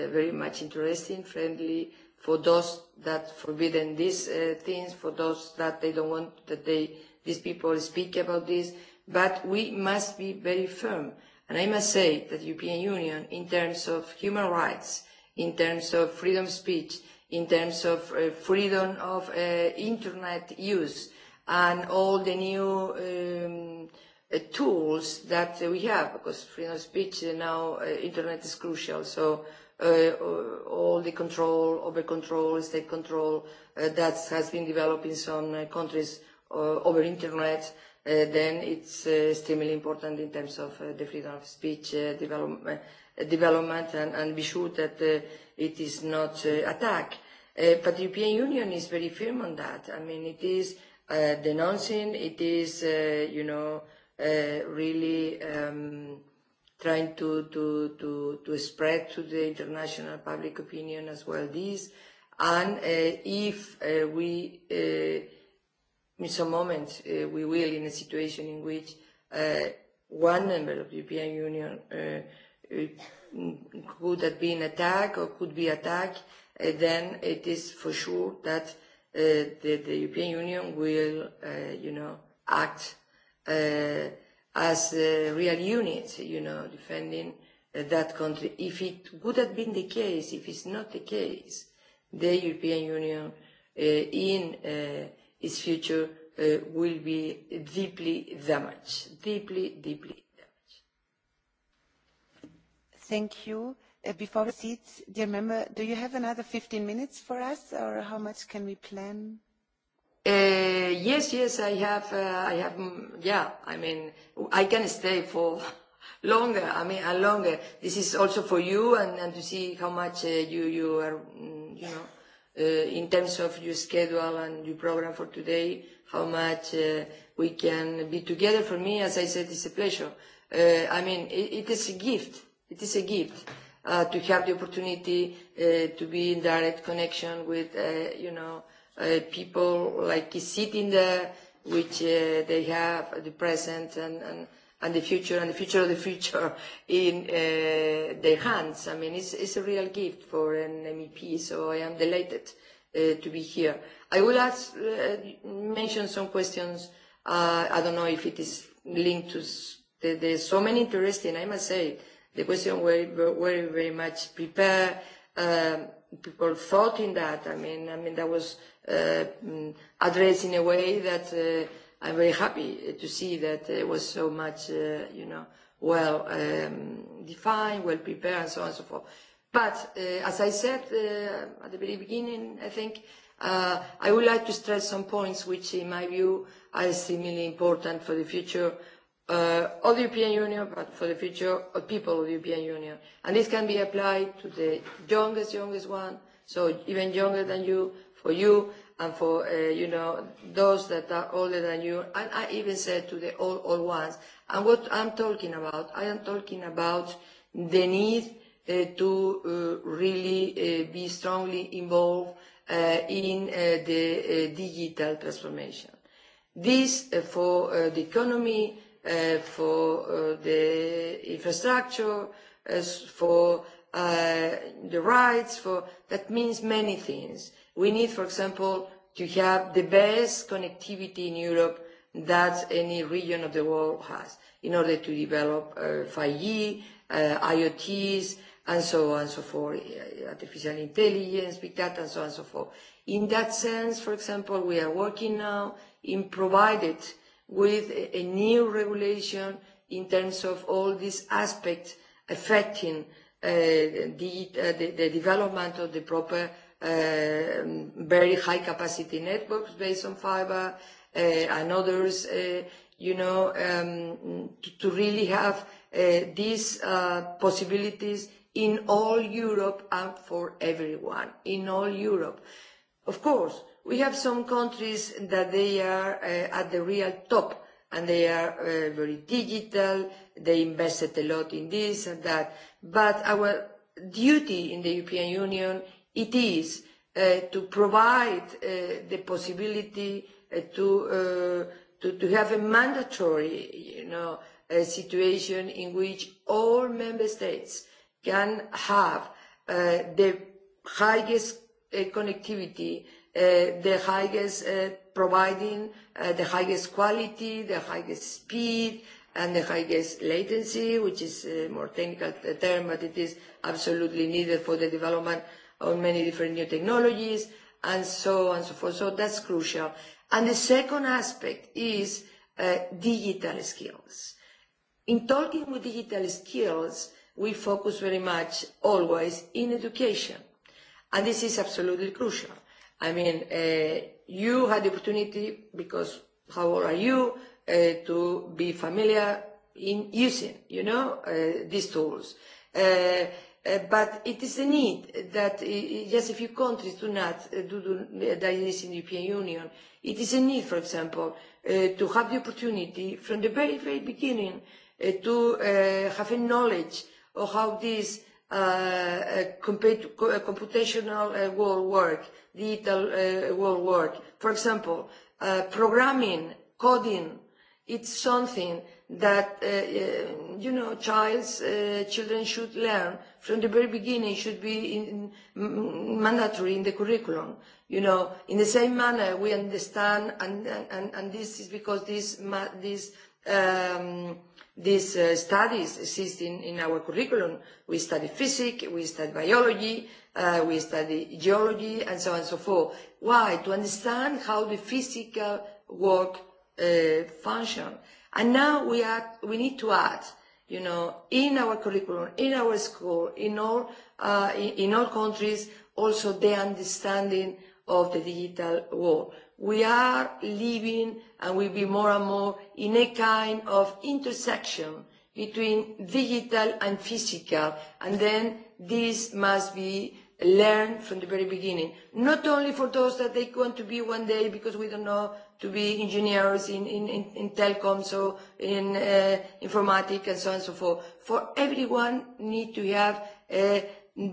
S4: uh very much interesting, friendly, uh, for those that forbidden these uh, things, for those that they don't want that they, these people speak about this. But we must be very firm. And I must say that the European Union, in terms of human rights, in terms of freedom of speech, in terms of uh, freedom of uh, internet use, and all the new um, uh, tools that we have, because freedom of speech, you uh, now uh, internet is crucial. So Uh, all the control, over control, state control uh, that has been developed in some uh, countries uh, over internet, uh, then it's uh, extremely important in terms of uh, the freedom of speech uh, development, uh, development and, and be sure that uh, it is not uh, attacked. Uh, but the European Union is very firm on that. I mean, it is uh, denouncing, it is, uh, you know, uh, really um, trying to spread to the international public opinion as well this. And uh, if uh, we, uh, in some moments, uh, we will in a situation in which uh, one member of the European Union uh, uh could have been attacked or could be attacked, uh, then it is for sure that uh, the, the European Union will, uh, you know, act uh, as uh, real units, you know, defending uh, that country. If it would have been the case, if it's not the case, the European Union uh, in uh, its future uh, will be deeply damaged, deeply, deeply damaged.
S3: Thank you. Uh, before we sit, dear member, do you have another 15 minutes for us, or how much can we plan? Uh, yes, yes, I have. Uh, I
S4: have. Mm, yeah, I mean, I can stay for longer. I mean, uh, longer. This is also for you and, and to see how much uh, you you are, mm, you know, uh, in terms of your schedule and your program for today, how much uh, we can be together. For me, as I said, it's a pleasure. Uh, I mean, it, it is a gift. It is a gift uh, to have the opportunity uh, to be in direct connection with, uh, you know, uh, uh, people like sit in the which uh, they have the present and, and, and the future and the future of the future in uh, their hands. I mean, it's, it's a real gift for an MEP, so I am delighted uh, to be here. I will ask, uh, mention some questions. Uh, I don't know if it is linked to the, – there's so many interesting, I must say. The question were very, very much prepared. Um, people thought in that. I mean, I mean, that was – uh, mm, addressed in a way that uh, I'm very happy to see that it was so much, uh, you know, well um, defined, well prepared, and so on and so forth. But uh, as I said uh, at the very beginning, I think uh, I would like to stress some points which, in my view, are extremely important for the future uh, of the European Union, but for the future of people of the European Union. And this can be applied to the youngest, youngest one, so even younger than you, for you and for uh, you know those that are older than you and I even said to the old old ones and what I'm talking about I am talking about the need uh, to uh, really uh, be strongly involved uh, in uh, the uh, digital transformation this uh, for uh, the economy uh, for uh, the infrastructure as for uh, the rights for that means many things uh, We need, for example, to have the best connectivity in Europe that any region of the world has in order to develop uh, 5G, uh, IoTs, and so on and so forth, uh, artificial intelligence, big data, and so on and so forth. In that sense, for example, we are working now in provided with a new regulation in terms of all these aspects affecting uh, the, uh, the, the development of the proper uh, Um, very high capacity networks based on fiber uh, and others, uh, you know, um, to really have uh, these possibilities in all Europe and for everyone in all Europe. Of course, we have some countries that they are at the real top, and they are very digital. They invested a lot in this and that. Our duty in the European Union it is uh, to provide uh, the possibility uh, to, uh, to, to have a mandatory you know, a situation in which all member states can have uh, the highest uh, connectivity, uh, the highest uh, providing uh, the highest quality, the highest speed, and the highest latency, which is a uh, more technical term, but it is absolutely needed for the development on many different new technologies and so on and so forth. So that's crucial. And the second aspect is uh, digital skills. In talking with digital skills, we focus very much always in education. And this is absolutely crucial. I mean, uh, you had the opportunity, because how old are you, uh, to be familiar in using, you know, uh, these tools. Uh, Eh, but it is a need that just a few countries do not eh, do, do eh, that is in the European Union. It is a need, for example, uh, to have the opportunity from the very, very beginning uh, to uh, have a knowledge of how this uh, uh, compute, uh, computational uh, world work, digital uh, world work. For example, uh, programming, coding, it's something that uh, uh, you know child's uh, children should learn from the very beginning should be in, in mandatory in the curriculum you know in the same manner we understand and and and this is because this ma- this um these uh, studies exist in, in our curriculum. We study physics, we study biology, uh, we study geology, and so on and so forth. Why? To understand how the physical work uh, functions. And now we are, we need to add, you know, in our curriculum, in our school, in all, uh, in, in all countries, also the understanding of the digital world. We are living and we'll be more and more in a kind of intersection between digital and physical. And then this must be learned from the very beginning. Not only for those that they want to be one day because we don't know to be engineers in, in, in, in telecom, so in uh, informatic and so on and so forth. For everyone need to have, a, uh,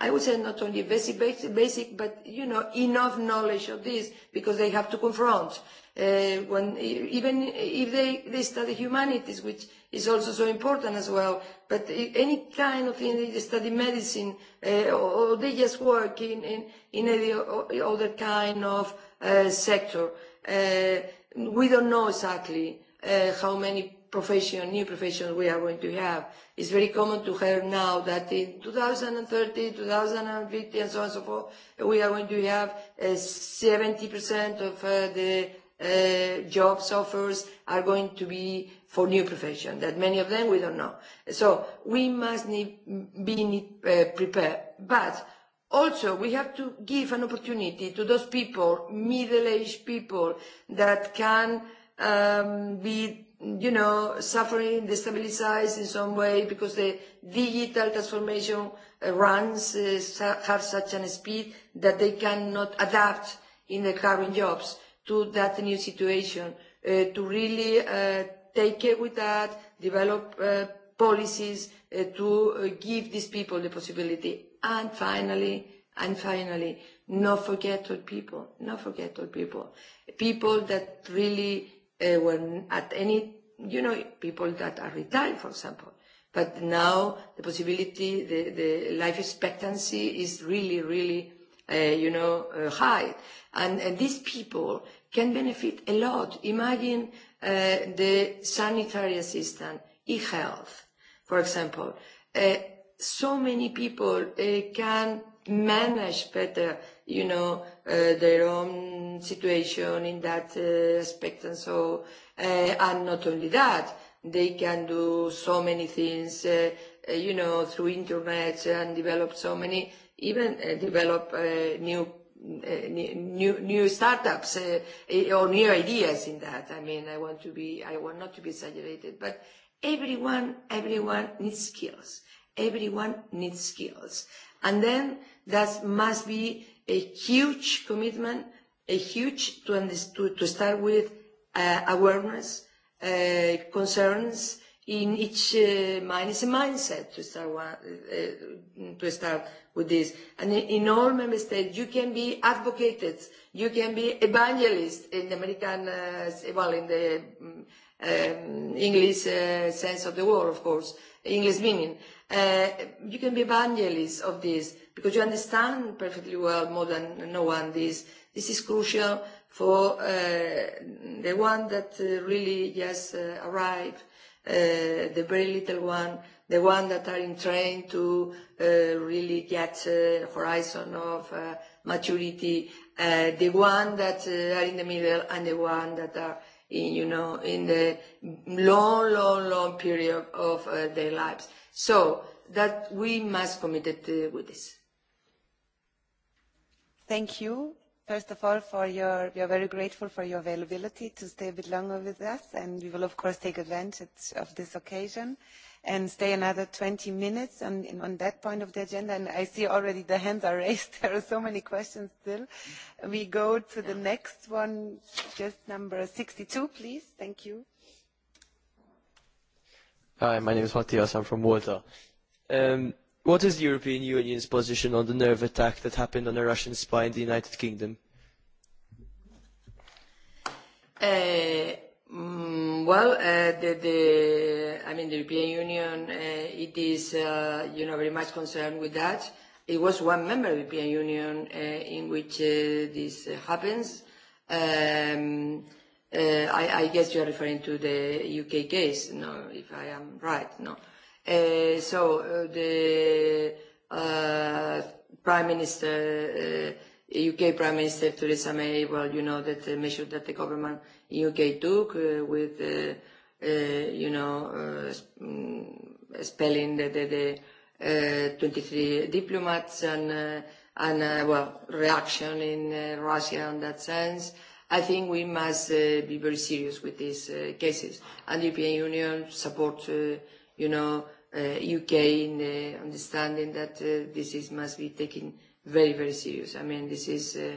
S4: I would say not only basic, basic, basic, but, you know, enough knowledge of this because they have to confront. Uh, when, e, even if they, they study humanities, which is also so important as well, but any kind of thing, they study medicine uh, or, or they just work in, in, in any other kind of uh, sector. Uh, Uh, we don't know exactly uh, how many profession, new professions we are going to have. It's very common to hear now that in 2030, 2050, and so on and so forth, we are going to have uh, 70% of uh, the uh, jobs offers are going to be for new profession. That many of them we don't know. So we must need, be need, uh, prepared. But Also, we have to give an opportunity to those people, middle-aged people, that can um, be, you know, suffering, destabilized in some way because the digital transformation runs uh, have such a speed that they cannot adapt in their current jobs to that new situation. Uh, to really uh, take care with that, develop uh, policies uh, to uh, give these people the possibility And finally, and finally, no forgetful people, no forgetful people. People that really uh, were at any, you know, people that are retired, for example. But now the possibility, the, the life expectancy is really, really, uh, you know, uh, high. And uh, these people can benefit a lot. Imagine uh, the sanitary assistant, e-health, for example. Uh, so many people uh, can manage better, you know, uh, their own situation in that uh, aspect and so, uh, and not only that, they can do so many things, uh, uh, you know, through internet and develop so many, even uh, develop uh, new, uh, new, new startups uh, or new ideas in that. I mean, I want to be, I want not to be exaggerated, but everyone, everyone needs skills. Uh, everyone needs skills. And then that must be a huge commitment, a huge to, to, to start with uh, awareness, uh, concerns in each uh, mind. It's a mindset to start, one, uh, uh to start with this. And in all member states, you can be advocated, you can be evangelist in the American, uh, well, in the um, uh, English uh, sense of the word, of course, English meaning. Uh, you can be evangelist of this because you understand perfectly well more than no one this. This is crucial for uh, the one that uh, really just uh, arrived, uh, the very little one, the one that are in train to uh, really get a uh, horizon of uh, maturity, uh, the one that uh, are in the middle and the one that are in you know in the long long long period of uh, their lives so that we must
S3: commit it uh, with this thank you first of all for your we are very grateful for your availability to stay a bit longer with us and we will of course take advantage of this occasion and stay another 20 minutes on, in, on that point of the agenda. And I see already the hands are raised. There are so many questions still. We go to the next one, just number 62, please. Thank you.
S6: Hi, my name is Matthias. I'm from Water. Um, what is the European Union's position on the nerve attack that happened on a Russian spy in the United Kingdom?
S4: Uh, Mm, well, uh, I mean, the European Union, uh, it is, uh, you know, very much concerned with that. It was one member of the European Union in which this happens. Um, I guess you're referring to the U.K. case, no, if I am right, no? The Prime Minister U.K. Prime Minister Theresa May, well, you know that the measure that the government in U.K. took uh, with expelling uh, uh, mm, the 23 diplomats and, well, reaction in Russia in that sense, I think we must be very serious with these cases. The European Union supports U.K. in the understanding that this must be taken very, very serious. I mean, this is, uh,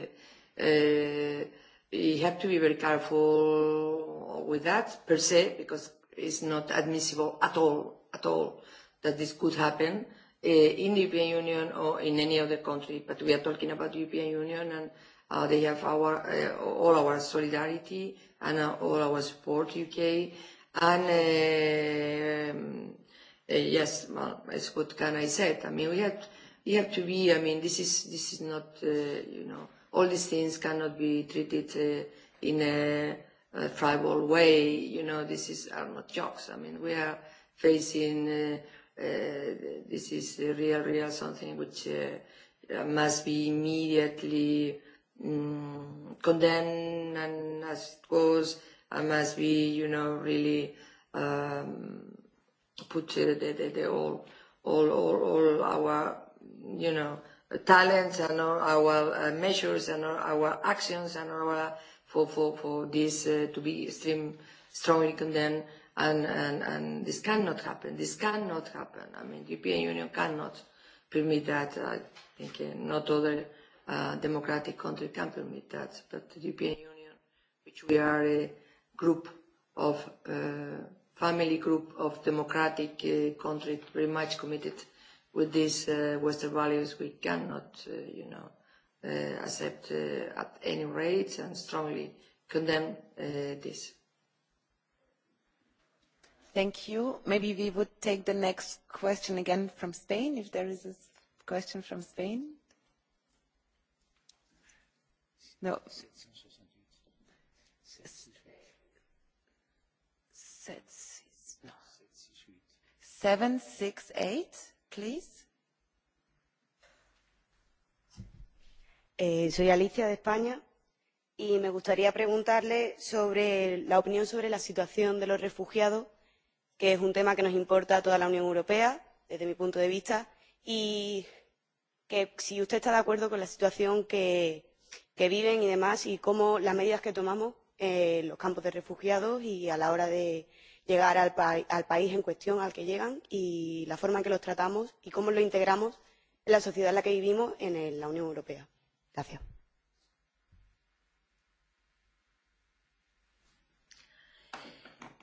S4: uh, you have to be very careful with that per se, because it's not admissible at all, at all, that this could happen uh, in the European Union or in any other country. But we are talking about the European Union and uh, they have our, uh, all our solidarity and uh, all our support, UK. And uh, um, uh, yes, well, as good can I say? I mean, we have, you have to be i mean this is this is not uh, you know all these things cannot be treated uh, in a, a tribal way you know this is are not jokes i mean we are facing uh, uh, this is a real real something which uh, must be immediately um, condemned and as it goes i must be you know really um, put uh, the, the, the all all all all our you know, talents and our uh, measures and our actions and our for, for, for this uh, to be extreme, strongly condemned and, and, and this cannot happen. This cannot happen. I mean, the European Union cannot permit that. I think uh, not other uh, democratic countries can permit that. But the European Union, which we are a group of, uh, family group of democratic uh, countries very much committed with these uh, Western values, we cannot, uh, you know, uh, accept uh,
S3: at any rate and strongly condemn uh, this. Thank you. Maybe we would take the next question again from Spain, if there is a question from Spain. No. Seven, six, eight please. Eh, soy Alicia de
S13: España y me gustaría preguntarle sobre la opinión sobre la situación de los refugiados, que es un tema que nos importa a toda la Unión Europea, desde mi punto de vista, y que si usted está de acuerdo con la situación que, que viven y demás, y cómo las medidas que tomamos en eh, los campos de refugiados y a la hora de llegar al, pa al país en cuestión al que llegan y la forma en que los tratamos y cómo lo integramos en la sociedad en la que vivimos en la Unión Europea. Gracias.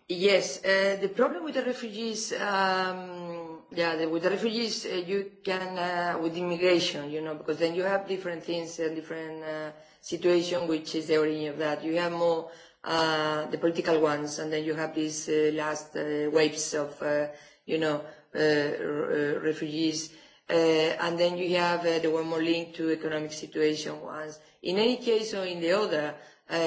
S4: Yes, uh, the problem with the refugees, um, yeah, the, with the refugees, uh, you can, uh, with immigration, you know, because then you have different things and different uh, situation, which is the origin of that. You have more Uh, the political ones, and then you have these uh, last uh, waves of, you know, refugees, and then you have the one more linked to economic situation ones. In any case or in the other,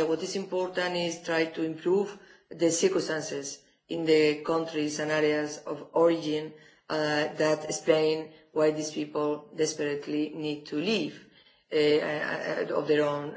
S4: what is important is try to improve the circumstances in the countries and areas of origin that explain why these people desperately need to leave of their own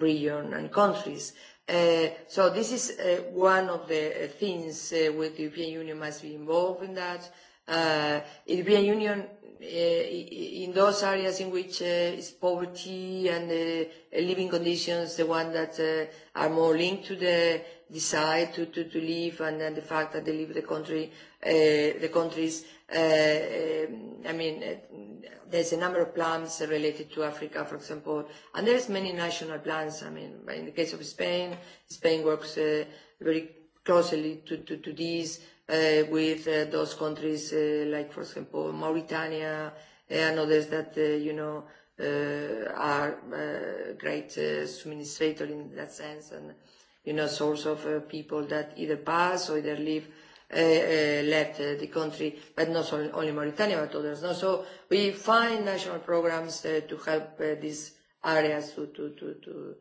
S4: region and countries. Uh, so this is uh, one of the uh, things uh, where the European Union must be involved in that. Uh, European Union uh, in those areas in which uh, is poverty and uh, living conditions, the ones that uh, are more linked to the decide to, to, to leave and, and the fact that they leave the country Uh, the countries. Uh, uh, I mean, uh, there's a number of plans related to Africa, for example, and there's many national plans. I mean, in the case of Spain, Spain works uh, very closely to, to, to these uh, with uh, those countries uh, like, for example, Mauritania uh, and others that, uh, you know, uh, are uh, great uh, suministrators in that sense and, you know, source of uh, people that either pass or either live uh, eh, eh, left eh, the country, but not only Mauritania, but others. No? So we find national programs uh, to help uh, these areas to, to, to, to,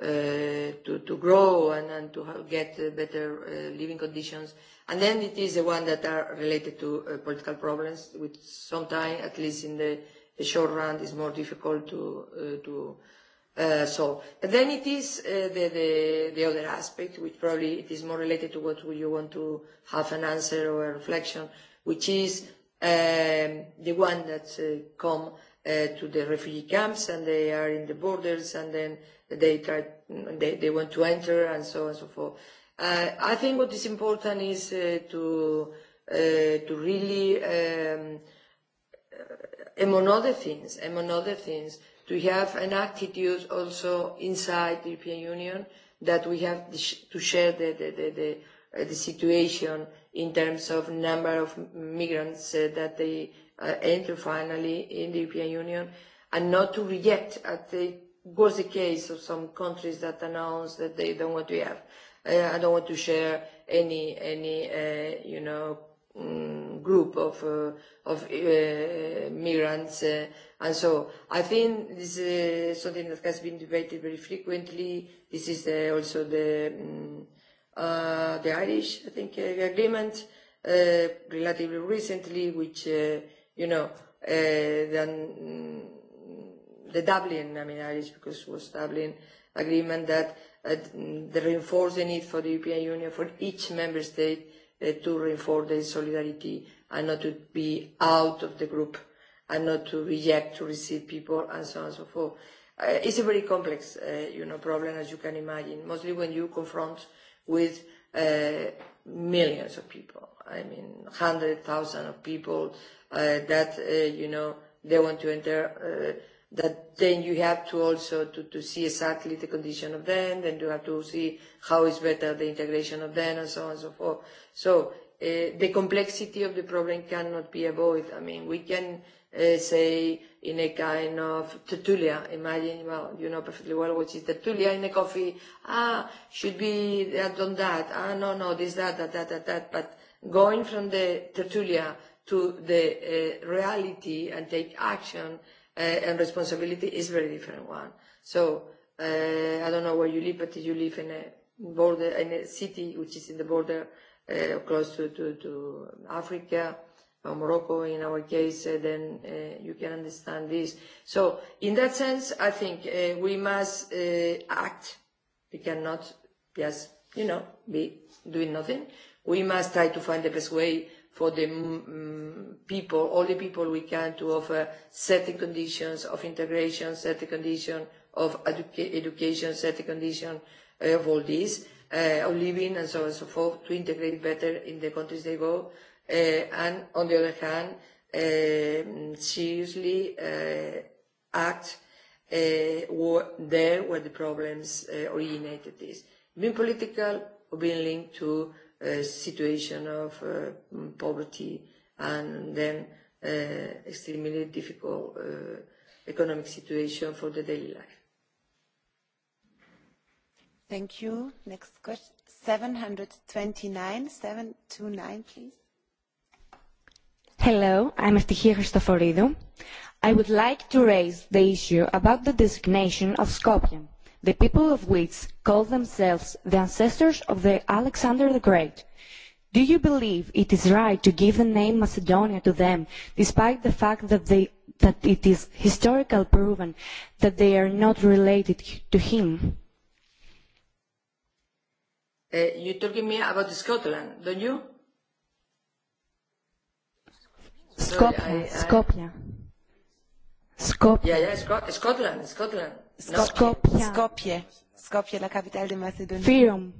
S4: uh, to, to grow and, and to get better uh, living conditions. And then it is the one that are related to uh, political problems, which sometimes, at least in the, the short run, is more difficult to, uh, to Uh, so. Then it is uh, the other aspect, which probably it is more related to what you want to have an answer or a reflection, which is um, the one that uh, come to the refugee camps, and they are in the borders, and then they try, they want to enter, and so on and so forth. I think what is important is to really, um, among other things, among other things, to have an attitude also inside the European Union that we have to share the, the, the, the, uh, the situation in terms of number of migrants uh, that they uh, enter finally in the European Union and not to reject as it was the case of some countries that announced that they don't want to have. Uh, I don't want to share any, any uh, you know, um, group of uh, of uh, migrants uh, and so I think this is uh, something that has been debated very frequently. This is uh, also the um, uh, the Irish I think uh, agreement uh, relatively recently, which uh, you know uh, then mm, the Dublin I mean Irish because it was Dublin agreement that. Uh, the reinforce the need for the European Union for each member state uh, to reinforce the solidarity and not to be out of the group and not to reject to receive people and so on and so forth. Uh, it's a very complex, uh, you know, problem as you can imagine, mostly when you confront with uh, millions of people. I mean, hundred thousand of people uh, that uh, you know they want to enter. Uh, that then you have to also to, to see exactly the condition of them. Then you have to see how is better the integration of them and so on and so forth. So uh, the complexity of the problem cannot be avoided. I mean, we can uh, say in a kind of tertulia, imagine, well, you know perfectly well what is tertulia in a coffee. Ah, should be that on that. Ah, no, no, this, that, that, that, that, that. But going from the tertulia to the uh, reality and take action uh, and responsibility is a very different one. So uh, I don't know where you live, but you live in a border, in a city which is in the border Eh, close to Africa, uh, Morocco in our case, uh, then uh, you can understand this. In that sense, I think we must act. We cannot just, you know, be doing nothing. We must try to find the best way for the mm, people, all the people we can to offer certain conditions of integration, certain condition of education, certain condition of all this. Uh, of living and so on and so forth to integrate better in the countries they go. Uh, and on the other hand, uh, seriously uh, act uh, wo- there where the problems uh, originated is. Being political or being linked to a situation of uh, poverty and then uh, extremely difficult uh, economic situation for the daily life.
S3: Thank you. Next question. 729, 729, please.
S12: Hello, I'm Estigia I would like to raise the issue about the designation of Skopje, the people of which call themselves the ancestors of the Alexander the Great. Do you believe it is right to give the name Macedonia to them, despite the fact that, they, that it is historically proven that they are not related
S8: to him?
S4: Uh, you're talking to me about Scotland, don't you? Skopje,
S12: Skopje. Skopje.
S3: Yeah, yeah, Sco Scotland, Scotland. Skopje. No. Skopje. Skopje, la capitale de Macedonia. Firm.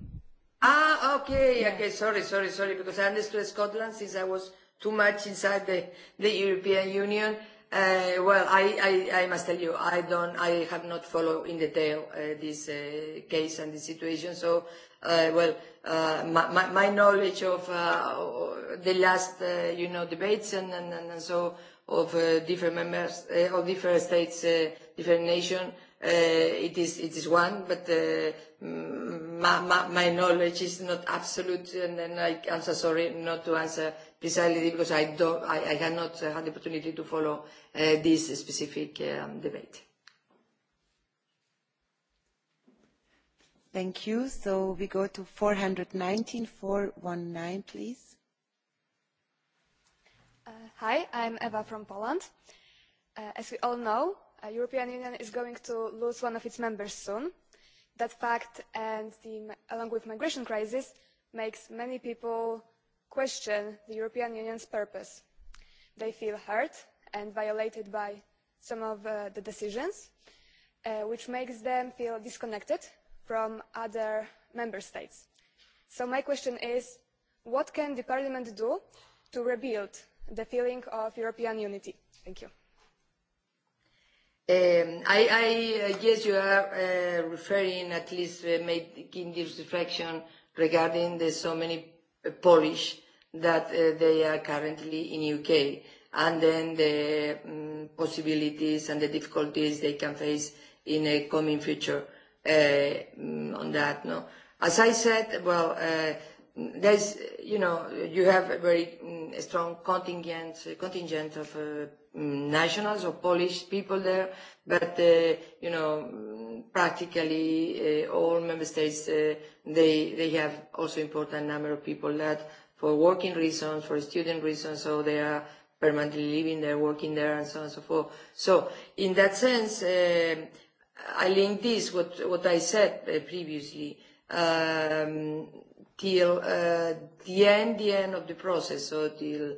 S3: Ah, okay, yeah.
S4: okay, sorry, sorry, sorry, because I understood Scotland since I was too much inside the, the European Union. Uh, well, I, I, I must tell you, I don't, I have not followed in detail uh, this uh, case and the situation. So, uh, well, uh, my, my knowledge of uh, the last, uh, you know, debates and, and, and so of uh, different members uh, of different states, uh, different nations, Uh, it is one, but uh, my knowledge is not absolute, and then I am so sorry not to answer precisely because I don't, I have not uh, had the opportunity to follow this specific um, debate.
S3: Thank you. So we go to 419, 419, please.
S14: Hi, I'm Eva from Poland. As we all know, uh, European Union is going to lose one of its members soon. That fact, and the, along with migration crisis, makes many people question the European Union's purpose. They feel hurt and violated by some of uh, the decisions, uh, which makes them feel disconnected from other member states. So my question is, what can the Parliament do to rebuild the feeling of European unity?
S4: Thank you. Um, I guess you are uh, referring, at least uh, making this reflection regarding the so many uh, Polish that they are currently in U.K., and then the mm, possibilities and the difficulties they can face in a coming future mm, on that, no? As I said, well, there's you know you have a very um, strong contingent contingent of uh, mm, nationals or polish people there but uh, you know mm, practically uh, all member states uh, they they have also important number of people that for working reasons for student reasons so they are permanently living there working there and so on and so forth so in that sense uh, i link this what what i said uh, previously um, till uh, the end of the process, so till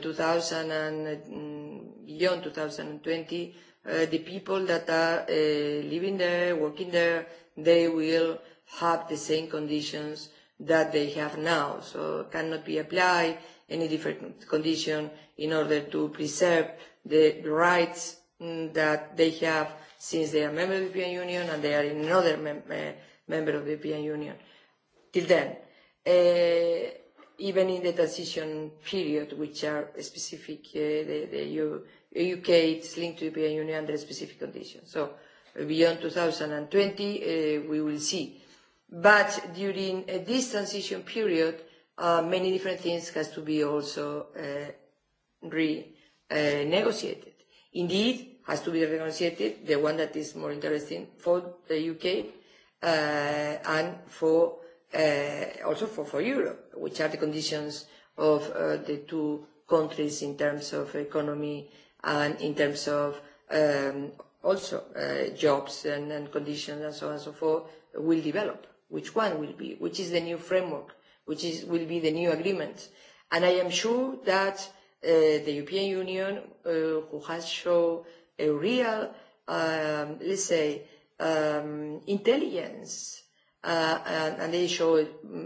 S4: 2000, uh, mm, beyond 2020, uh, the people that are living there, working there, they will have the same conditions that they have now. So cannot be applied any different condition in order to preserve the rights mm, that they have since they are member of the European Union, and they are another member of the European Union till then. Uh, even in the transition period, which are specific, uh, the, the EU, UK is linked to the European Union under specific conditions. So beyond 2020, uh, we will see. But during uh, this transition period, uh, many different things has to be also uh, renegotiated. Uh, Indeed, has to be renegotiated, the one that is more interesting for the UK uh, and for Uh, also for, for Europe, which are the conditions of uh, the two countries in terms of economy and in terms of um, also uh, jobs and, and conditions and so on and so forth will develop, which one will be, which is the new framework, which is, will be the new agreement. And I am sure that uh, the European Union, uh, who has shown a real, um, let's say, um, intelligence and they show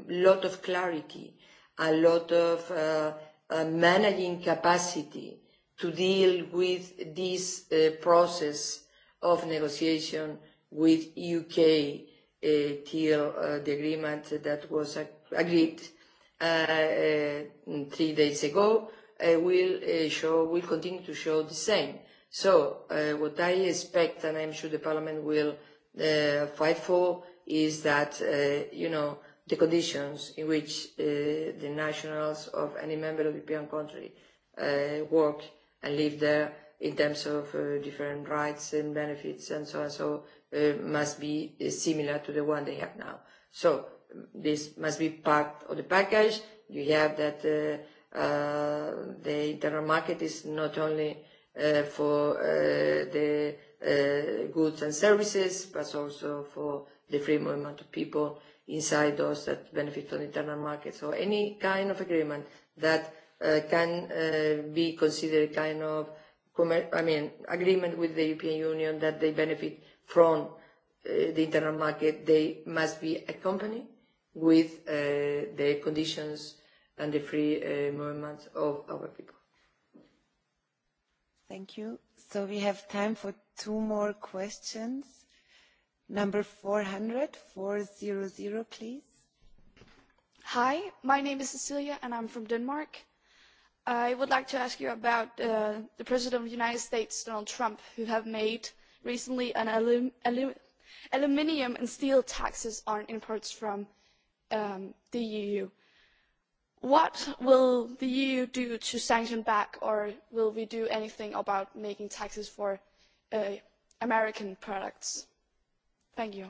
S4: lot of clarity, a lot of uh, uh, managing capacity to deal with this uh, process of negotiation with U.K. till the agreement that was agreed three days ago will show, will continue to show the same. So, what I expect, and I'm sure the parliament will fight for, is that uh, you know the conditions in which uh, the nationals of any member of the European country uh, work and live there in terms of uh, different rights and benefits and so on, so uh, must be uh, similar to the one they have now. So this must be part of the package. You have that uh, uh, the internal market is not only uh, for uh, the uh, goods and services, but also for uh, the free movement of people inside those that benefit from the internal market. So any kind of agreement that uh, can uh, be considered a kind of I mean, agreement with the European Union that they benefit from uh, the internal market, they must be accompanied with uh, the conditions and the free uh, movement of our people.
S3: Thank you. So we have time for two more questions number 400, 400, please. Hi, my
S15: name is Cecilia, and I'm from Denmark. I would like to ask you about uh, the President of the United States, Donald Trump, who have made recently an alum, alum, aluminium and steel taxes on imports from um, the EU. What will the EU do to sanction back, or will we do anything about making taxes for uh, American products?
S4: Thank you.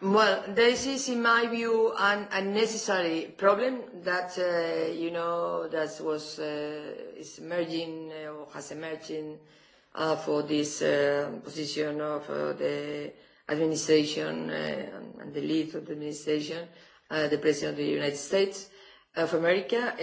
S4: Well, this is, in my view, an unnecessary problem that, uh, you know, that was, uh, is emerging uh, or has emerged uh, for this uh, position of uh, the administration uh, and the lead of the administration, uh, the President of the United States of America, uh,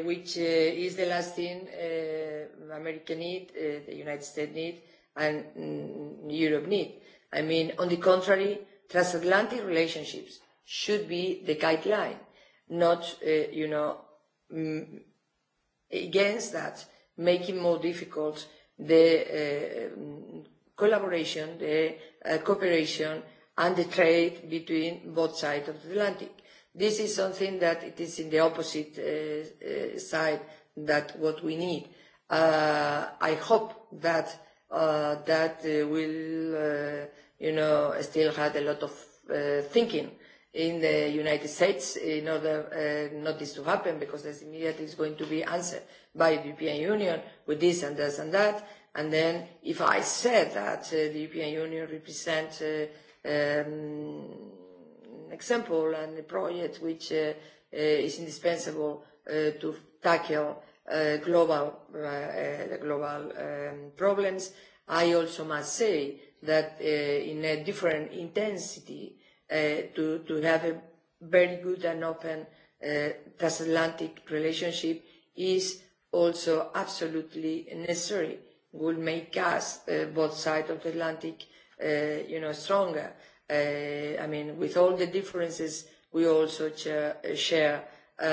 S4: uh, which uh, is the last thing uh, America need, uh, the United States need, and um, Europe need. Uh, I mean, on the contrary, transatlantic relationships should be the guideline, not, uh, you know, m- mm, against that, making more difficult the uh, collaboration, the uh, cooperation, and the trade between both sides of the Atlantic. This is something that it is in the opposite uh, uh, side that what we need. Uh, I hope that Uh, that uh, will, uh, you know, still had a lot of thinking in the United States in order not this to happen, because this immediately is going to be answered by the European Union with this and this and that. And then if I said that the European Union represent um, an example and a project which is indispensable to tackle Uh, global uh, uh, um, problems. I also must say that uh, in a different intensity uh, to, to have a very good and open uh, transatlantic relationship is also absolutely necessary, will make us, uh, both sides of the Atlantic, uh, you know, stronger. Uh, I mean, with all the differences, we also share, share Uh,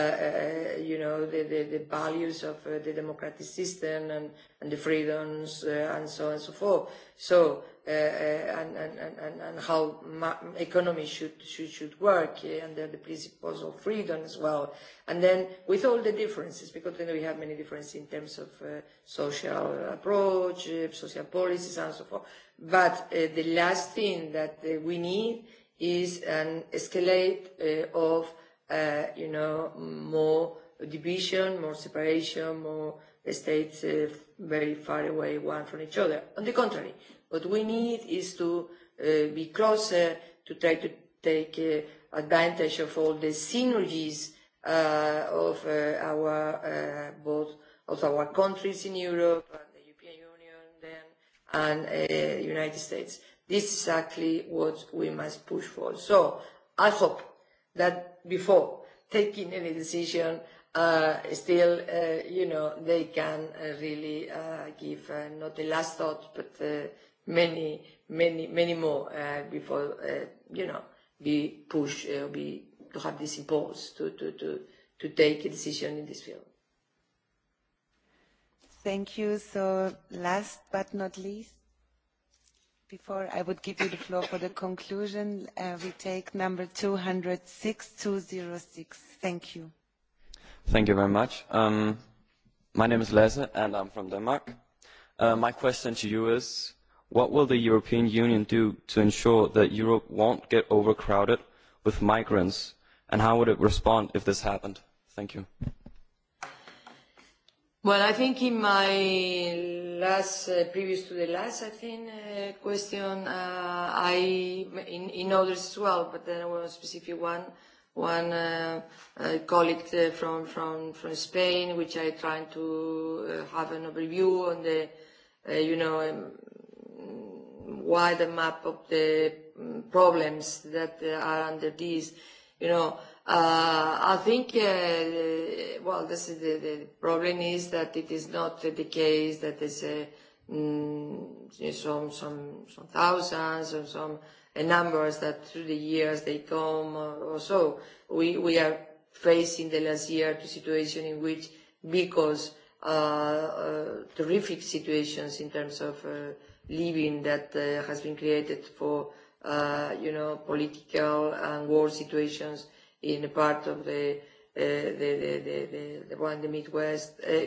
S4: uh, you know, the, the, the values of uh, the democratic system and, and the freedoms uh, and so on and so forth. So, uh, uh and, and, and, and how ma- economy should, should, should work yeah, under the principles of freedom as well. And then with all the differences, because then we have many differences in terms of uh, social approach, uh, social policies and so forth. But uh, the last thing that uh, we need is an escalate uh, of Uh, you know, more division, more separation, more states uh, very far away one from each other. On the contrary, what we need is to uh, be closer to try to take uh, advantage of all the synergies uh, of uh, our uh, both of our countries in Europe and the European Union then and the uh, United States. This is exactly what we must push for. So I hope that before taking any decision, uh, still, uh, you know, they can uh, really uh, give uh, not the last thought, but uh, many, many, many more uh, before, uh, you know, be pushed, uh, be, to have this impulse to, to, to, to take a decision in this field.
S3: Thank you. So last but not least, Before I would give you the floor for the conclusion, uh, we take number 206206. Thank you.
S7: Thank you very much. Um, my name is Lasse, and I'm from Denmark. Uh, my question to you is: What will the European Union do to ensure that Europe won't get overcrowded with migrants, and how would it respond if this happened? Thank you.
S4: Well, I think in my last, uh, previous to the last, I think, uh, question, uh, I, in, in others as well, but then I was a specific one, one uh, uh, colleague uh, from, from, from Spain, which I trying to uh, have an overview on the, uh, you know, um, wider map of the mm, problems that uh, are under this, you know, Uh, I think, uh, well, this is the, the problem is that it is not the case that there's a, mm, some, some, some thousands or some uh, numbers that through the years they come or, or so. We, we are facing the last year the situation in which because uh, uh, terrific situations in terms of uh, living that uh, has been created for, uh, you know, political and war situations, uh, in part of uh, the one in the uh,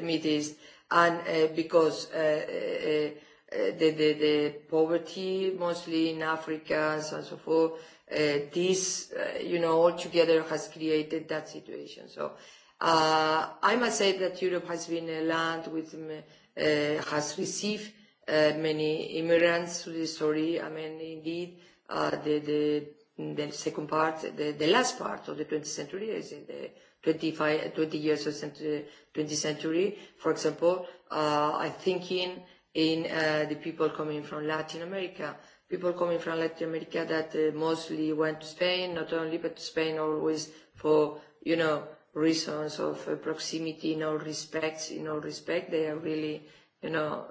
S4: Mid-East. Uh, because the poverty, mostly in Africa and so forth, this, you know, altogether has created that situation. I must say that Europe has been a land with um, has received many immigrants through the story. I mean, indeed, the in the second part, the, the last part of the 20th century is in the 25, 20 years of the uh, 20th century. For example, uh, I'm thinking in uh, the people coming from Latin America, people coming from Latin America that uh, mostly went to Spain, not only, but to Spain always for, you know, reasons of uh, proximity in all respects, in all respect, they are really uh, you know,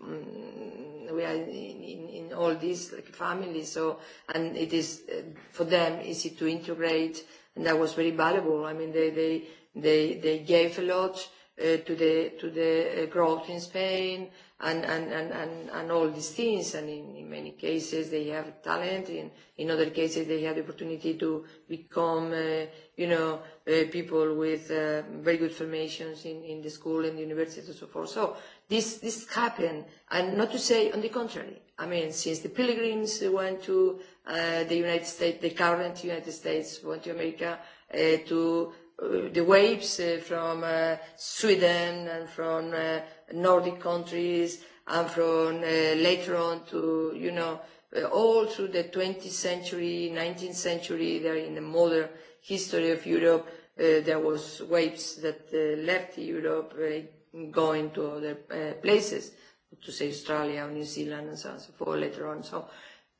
S4: we are in, in, in all these like families, so, and it is uh, for them easy to integrate, and that was very valuable. I mean, they, they, they, they gave a lot uh, to the, to the uh, growth in Spain and, and, and, and, and all these things, and in, in many cases they have talent, in, in other cases they had the opportunity to become, uh, you know, uh, people with uh, very good formations in, in the school and the university and so forth. So, this, this happened, and not to say on the contrary. I mean, since the pilgrims went to uh, the United States, the current United States went to America, uh, to uh, the waves uh, from uh, Sweden and from uh, Nordic countries, and from uh, later on to, you know, uh, all through the 20th century, 19th century, there in the modern history of Europe, uh, there was waves that uh, left Europe. Uh, going to other uh, places, to say Australia or New Zealand and so on and so forth later on. So,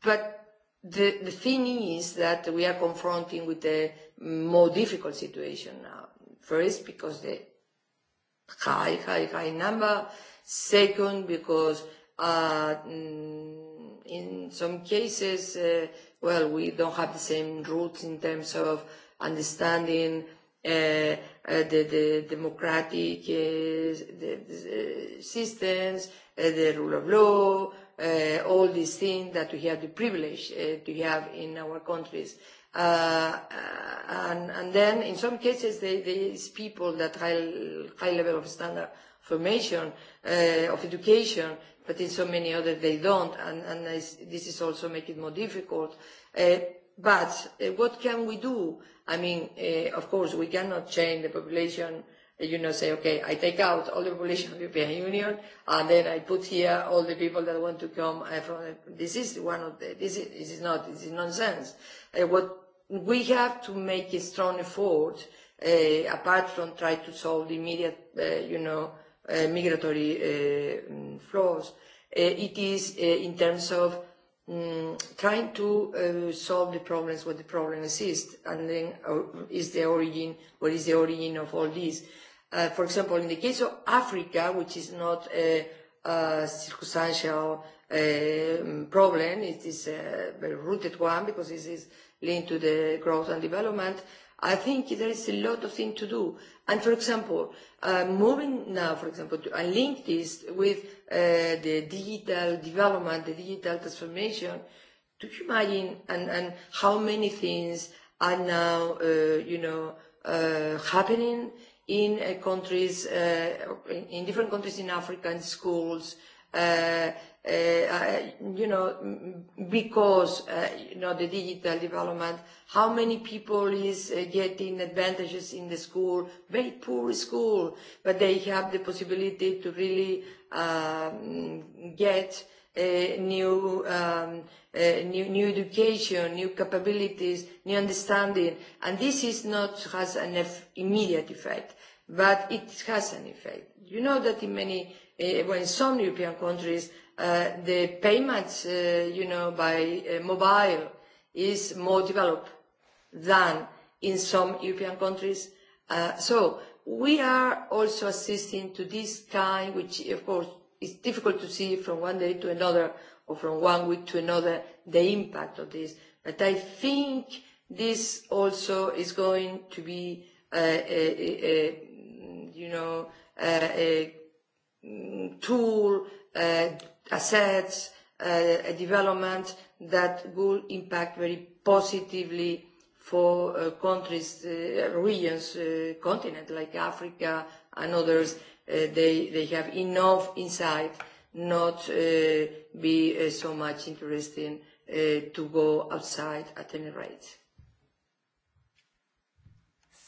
S4: but the, the thing is that we are confronting with a more difficult situation now. First, because the high, high, high number. Second, because uh, mm, in some cases, uh, well, we don't have the same roots in terms of understanding uh, the, eh, the democratic uh, the, the systems, uh, eh, the rule of law, uh, all these things that we have the privilege uh, to have in our countries. Uh, uh, and, and then in some cases, they, these people that high, high level of standard formation, uh, of education, but in so many others they don't, and, and this is also making it more difficult. Uh, but uh, what can we do? Uh, I mean, uh, of course, we cannot change the population, eh, you know, say, okay, I take out all the population of the European Union, and then I put here all the people that want to come eh, from, this is one of the, this is, this is not, this is nonsense. Uh, what we have to make a strong effort, uh, apart from try to solve the immediate, uh, you know, uh, migratory uh, flows, uh, it is uh, in terms of um, trying to uh, solve the problems what the problem exists and then uh, is the origin what is the origin of all this uh, for example in the case of africa which is not a, a circumstantial uh, problem it is a very rooted one because it is linked to the growth and development I think there is a lot of things to do. And for example, uh, moving now, for example, to link this with uh, the digital development, the digital transformation, do you imagine and, and how many things are now, uh, you know, uh, happening in uh, countries, uh, in different countries in Africa, in schools, uh, Uh, uh, uh, you know, because uh, you know the digital development, how many people is uh, getting advantages in the school? Very poor school, but they have the possibility to really um, get a new, um, a new, new education, new capabilities, new understanding, and this is not has an eff- immediate effect, but it has an effect. You know that in many Eh, when some European countries uh, the payments, uh, you know, by uh, mobile is more developed than in some European countries. Uh, so we are also assisting to this kind, which of course is difficult to see from one day to another or from one week to another, the impact of this. But I think this also is going to be, uh, a, a, a, you know, uh, a Mm, tool, uh, assets, uh, a development that will impact very positively for uh, countries, uh, regions, uh, continent like Africa and others. Uh, they, they have enough insight not uh, be uh, so much interesting uh, to go outside at any rate.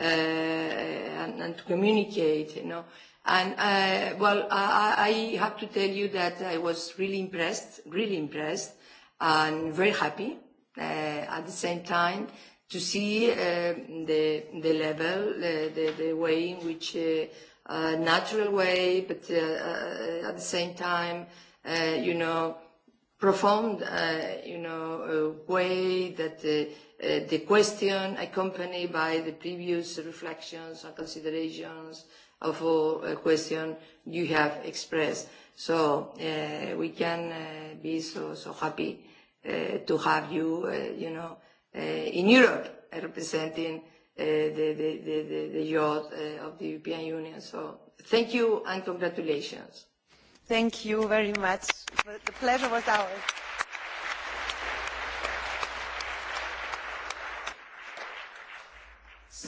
S4: uh, and, and to communicate, you know. And uh, well, I, I have to tell you that I was really impressed, really impressed, and very happy uh, at the same time to see uh, the the level, uh, the the way in which uh, uh, natural way, but uh, uh, at the same time, uh, you know, profound, uh, you know, uh, way that. Uh, Uh, the question accompanied by the previous reflections and considerations of all uh, questions you have expressed. So uh, we can uh, be so, so happy uh, to have you, uh, you know, uh, in Europe uh, representing uh, the, the, the, the, the youth uh, of the European Union. So thank you and congratulations.
S3: Thank you very much. The pleasure was ours.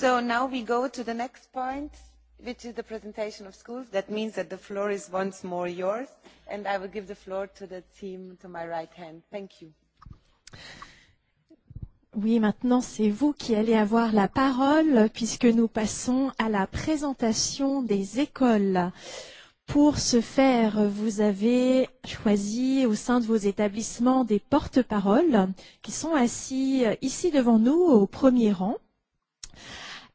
S3: So now we go to the next point, which is the presentation of schools. That means that the floor is once more yours, and I will give the floor to the team to my right hand. Thank you.
S2: Oui, maintenant c'est vous qui allez avoir la parole puisque nous passons à la présentation des écoles. Pour ce faire, vous avez choisi au sein de vos établissements des porte-paroles qui sont assis euh, ici devant nous au premier rang.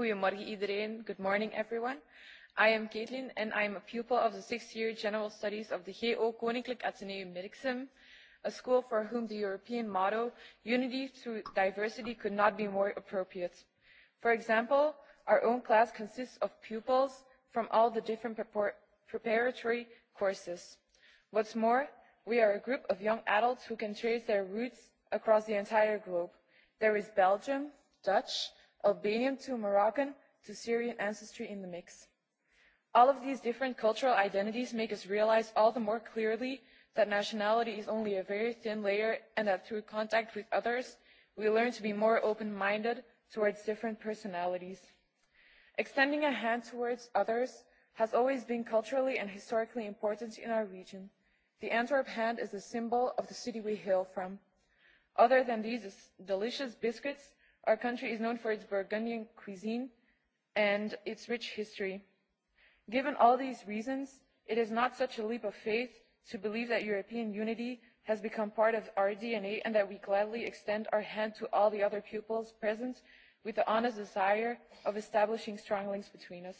S16: Goedemorgen iedereen. Good morning everyone. I am Caitlin and I am a pupil of the sixth year general studies of the GO Koninklijk Atheneum Merksem, a school for whom the European motto, unity through diversity, could not be more appropriate. For example, our own class consists of pupils from all the different preparatory courses. What's more, we are a group of young adults who can trace their roots across the entire globe. There is Belgium, Dutch, Albanian to Moroccan to Syrian ancestry in the mix. All of these different cultural identities make us realize all the more clearly that nationality is only a very thin layer and that through contact with others, we learn to be more open-minded towards different personalities. Extending a hand towards others has always been culturally and historically important in our region. The Antwerp hand is a symbol of the city we hail from. Other than these delicious biscuits, our country is known for its burgundian cuisine and its rich history. given all these reasons it is not such a leap of faith to believe that european unity has become part of our dna and that we gladly extend our hand to all the other peoples present with the honest desire of establishing strong links between us.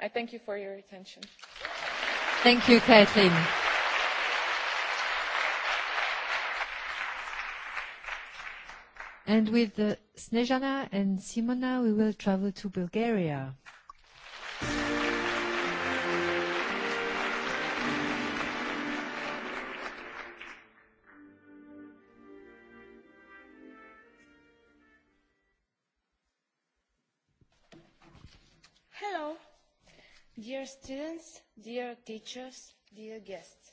S16: i thank you for your attention. Thank
S17: you, Kathleen. And with uh, Snezhana and Simona, we will travel to Bulgaria.
S12: Hello, dear students, dear teachers,
S15: dear guests.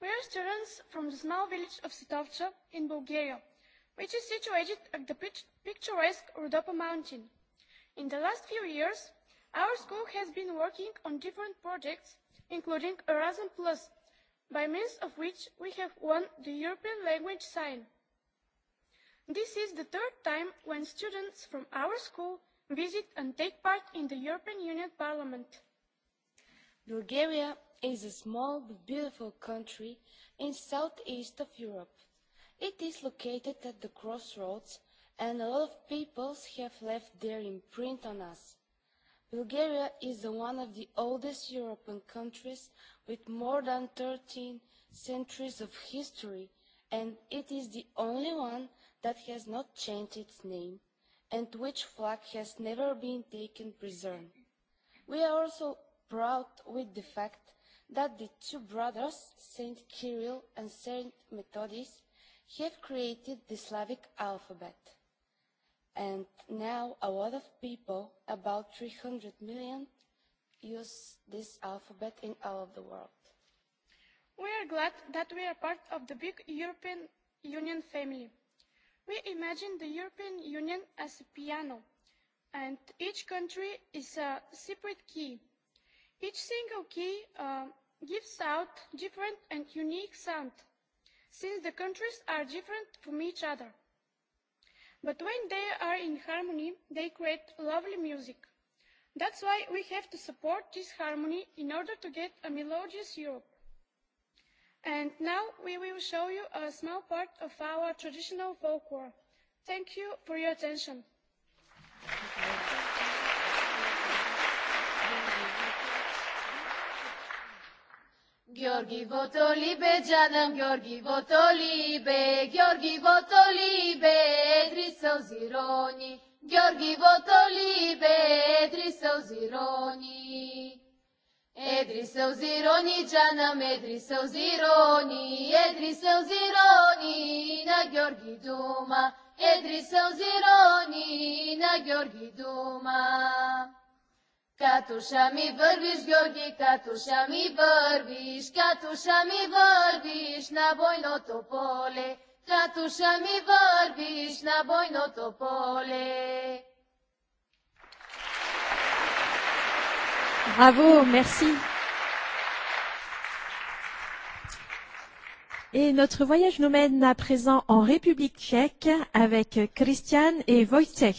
S15: We are students from the small village of Sitovce in Bulgaria which is situated at the picturesque Rudopa mountain. In the last few years, our school has been working on different projects, including Erasmus Plus, by means of which we have won the European language sign. This is the third time when students from our school visit
S12: and take part in the European Union Parliament. Bulgaria is a small but beautiful country in southeast of Europe. It is located at the crossroads and a lot of peoples have left their imprint on us. Bulgaria is one of the oldest European countries with more than 13 centuries of history and it is the only one that has not changed its name and which flag has never been taken prisoner. We are also proud with the fact that the two brothers, Saint Kirill and Saint Methodist, he had created the Slavic alphabet. And now a lot of people, about 300 million, use this alphabet in all of the world.
S15: We are glad that we are part of the big European Union family. We imagine the European Union as a piano, and each country is a separate key. Each single key uh, gives out different and unique sounds since the countries are different from each other. But when they are in harmony, they create lovely music. That's why we have to support this harmony in order to get a melodious Europe. And now we will show you a small part of our traditional folklore. Thank you for your attention. Thank you.
S12: Георги Ботолибе, джанам Георги Ботолибе, Георги Ботолибе, едри сълзи рони. Георги Ботолибе, едри сълзи рони. Едри сълзи рони, джанам, едри сълзи рони, едри сълзи рони, на Георги Дума, едри сълзи рони, на Георги Дума. Катушами вървиш, Георги, катушами вървиш, катушами вървиш на бойното поле. Катушами
S18: вървиш на бойното поле.
S2: Браво, merci. Et notre voyage nous mène à présent en République tchèque avec Christian et Wojtek.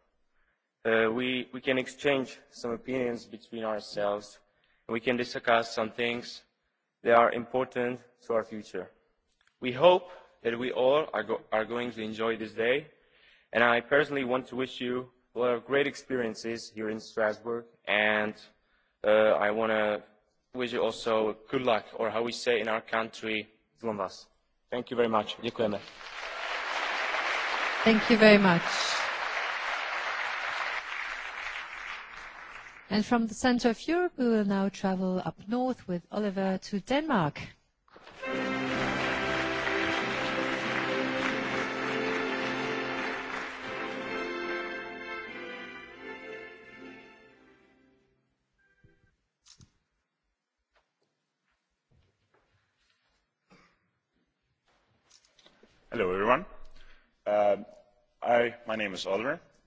S9: uh, we, we can exchange some opinions between ourselves. And we can discuss some things that are important to our future. We hope that we all are, go- are going to enjoy this day. And I personally want to wish you a lot of great experiences here in Strasbourg. And uh, I want to wish you also good luck, or how we say in our country, Zlomvas. Thank you very much.
S17: Thank you very much. And from the center of Europe, we will now travel up north with Oliver to Denmark.
S19: Hello, everyone. Um, my name is Oliver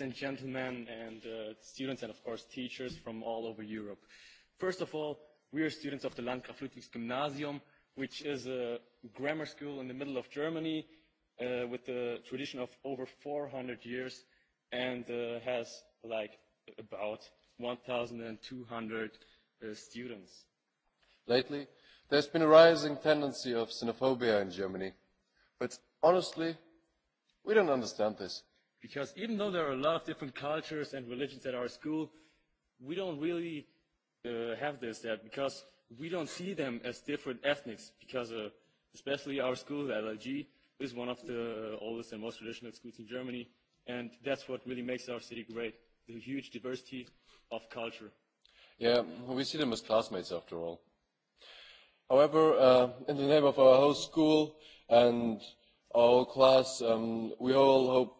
S11: and gentlemen and uh, students and of course teachers from all over Europe. First of all, we are students of the Landgraf Ludwigs Gymnasium, which is a grammar school in the middle of Germany uh, with a tradition of over 400 years and uh, has like about 1,200 uh, students.
S20: Lately, there's been a rising tendency of xenophobia in Germany, but honestly, we don't understand this.
S11: Because even though there are a lot of different cultures and religions at our school, we don't really uh, have this that because we don't see them as different ethnics because uh, especially our school, the LLG, is one of the uh, oldest and most traditional schools in Germany. And that's what really makes our city great, the huge diversity of culture.
S20: Yeah, we see them as classmates after all. However, uh, in the name of our whole school and our class, um, we all hope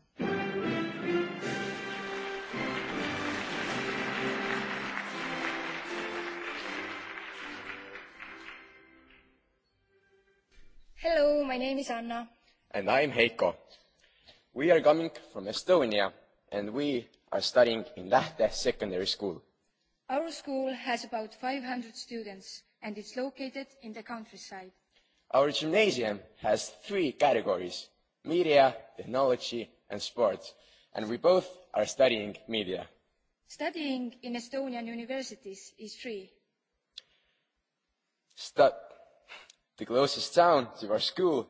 S12: name is anna
S11: and i am heiko we are coming from estonia and we are studying in lahte secondary school
S12: our school has about 500 students and it's located in the countryside
S11: our gymnasium has three categories media technology and sports and we both are studying media
S12: studying in estonian universities is free
S11: St- the closest town to our school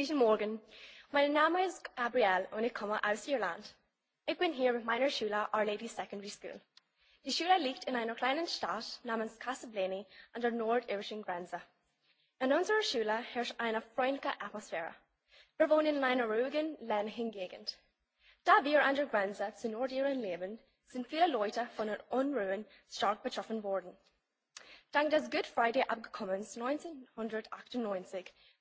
S21: Guten Morgen. Mein Name ist Gabrielle und ich komme aus Irland. Ich bin hier mit meiner Schule, Our Lady Secondary School. Die Schule liegt in einer kleinen Stadt namens Casablanca an der nordirischen Grenze. In unserer Schule herrscht eine freundliche Atmosphäre. Wir wohnen in einer ruhigen, ländlichen Gegend. Da wir an der Grenze zu Nordirland leben, sind viele Leute von den Unruhen stark betroffen worden. Dank des Good Friday Abkommens 1998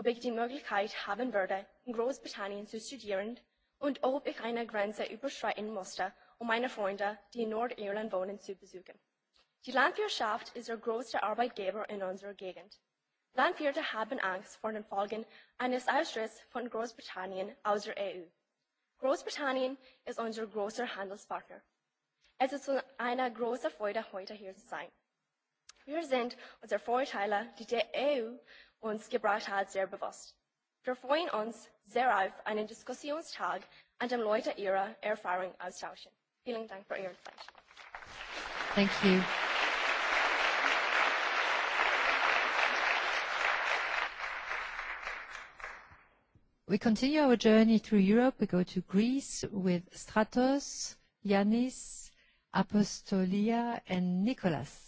S21: ob ich die Möglichkeit haben würde, in Großbritannien zu studieren und ob ich eine Grenze überschreiten musste, um meine Freunde, die in Nordirland wohnen, zu besuchen. Die Landwirtschaft ist der größte Arbeitgeber in unserer Gegend. Landwirte haben Angst vor den Folgen eines Austritts von Großbritannien aus der EU. Großbritannien ist unser großer Handelspartner. Es ist eine große Freude, heute hier zu sein chuir sind as ar fóirtheile de dé éú ón scibráthe dear bhost. Dar fóin ans zeráibh an in discussiónstag an am loite ira ar faring as tausin. Fíling dank for ar fleis.
S17: Thank you. We continue our journey through Europe. We go to Greece with Stratos, Yanis, Apostolia, and Nicholas.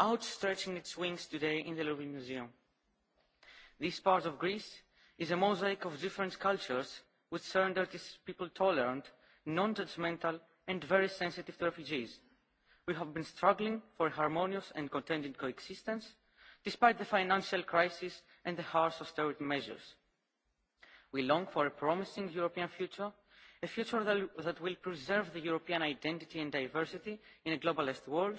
S19: outstretching its wings today in the Louvre Museum. This part of Greece is a mosaic of different cultures which turned out its people tolerant, non-judgmental and very sensitive to refugees. We have been struggling for a harmonious and contented coexistence despite the financial crisis and the harsh austerity measures. We long for a promising European future, a future that, that will preserve the European identity and diversity in a globalist world,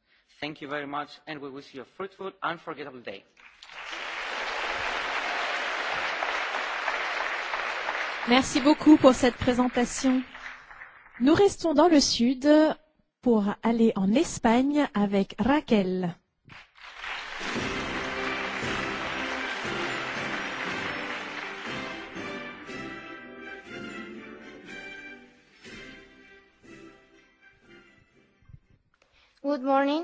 S19: Thank you very much, and we wish you a fruitful, unforgettable day.
S2: Merci beaucoup pour cette présentation. Nous restons dans le sud pour aller en Espagne avec Raquel.
S13: Good morning.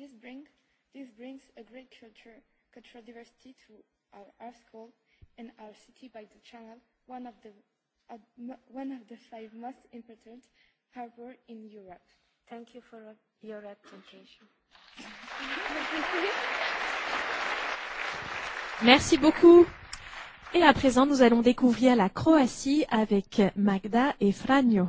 S12: This, bring, this brings a great culture, cultural diversity to our, our school and our city by the channel, one of the, uh, one of the five most important harbors in Europe. Thank you for your attention.
S2: Merci beaucoup. Et à présent, nous allons découvrir la Croatie avec Magda et Franjo.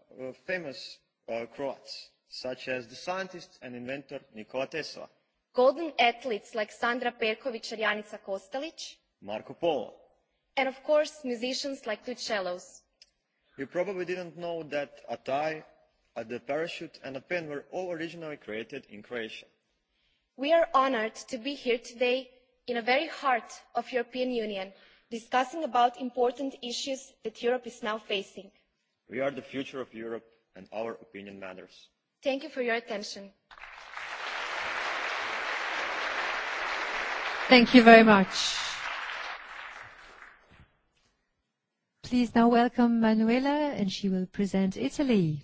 S7: Uh, famous uh, Croats, such as the scientist and inventor Nikola Tesla.
S21: Golden athletes like Sandra Perković and Janica Kostelić.
S7: Marco Polo.
S21: And of course, musicians like Two Cellos.
S7: You probably didn't know that a tie, a the parachute and a pen were all originally created in Croatia.
S21: We are honored to be here today in the very heart of European Union, discussing about important issues that Europe is now facing
S7: we are the future of europe and our opinion matters.
S21: thank you for your attention.
S17: thank you very much. please now welcome manuela and she will present italy.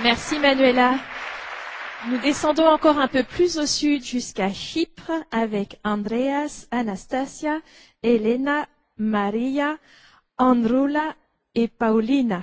S2: Merci Manuela. Nous descendons encore un peu plus au sud jusqu'à Chypre avec Andreas, Anastasia, Elena, Maria, Andrula et Paulina.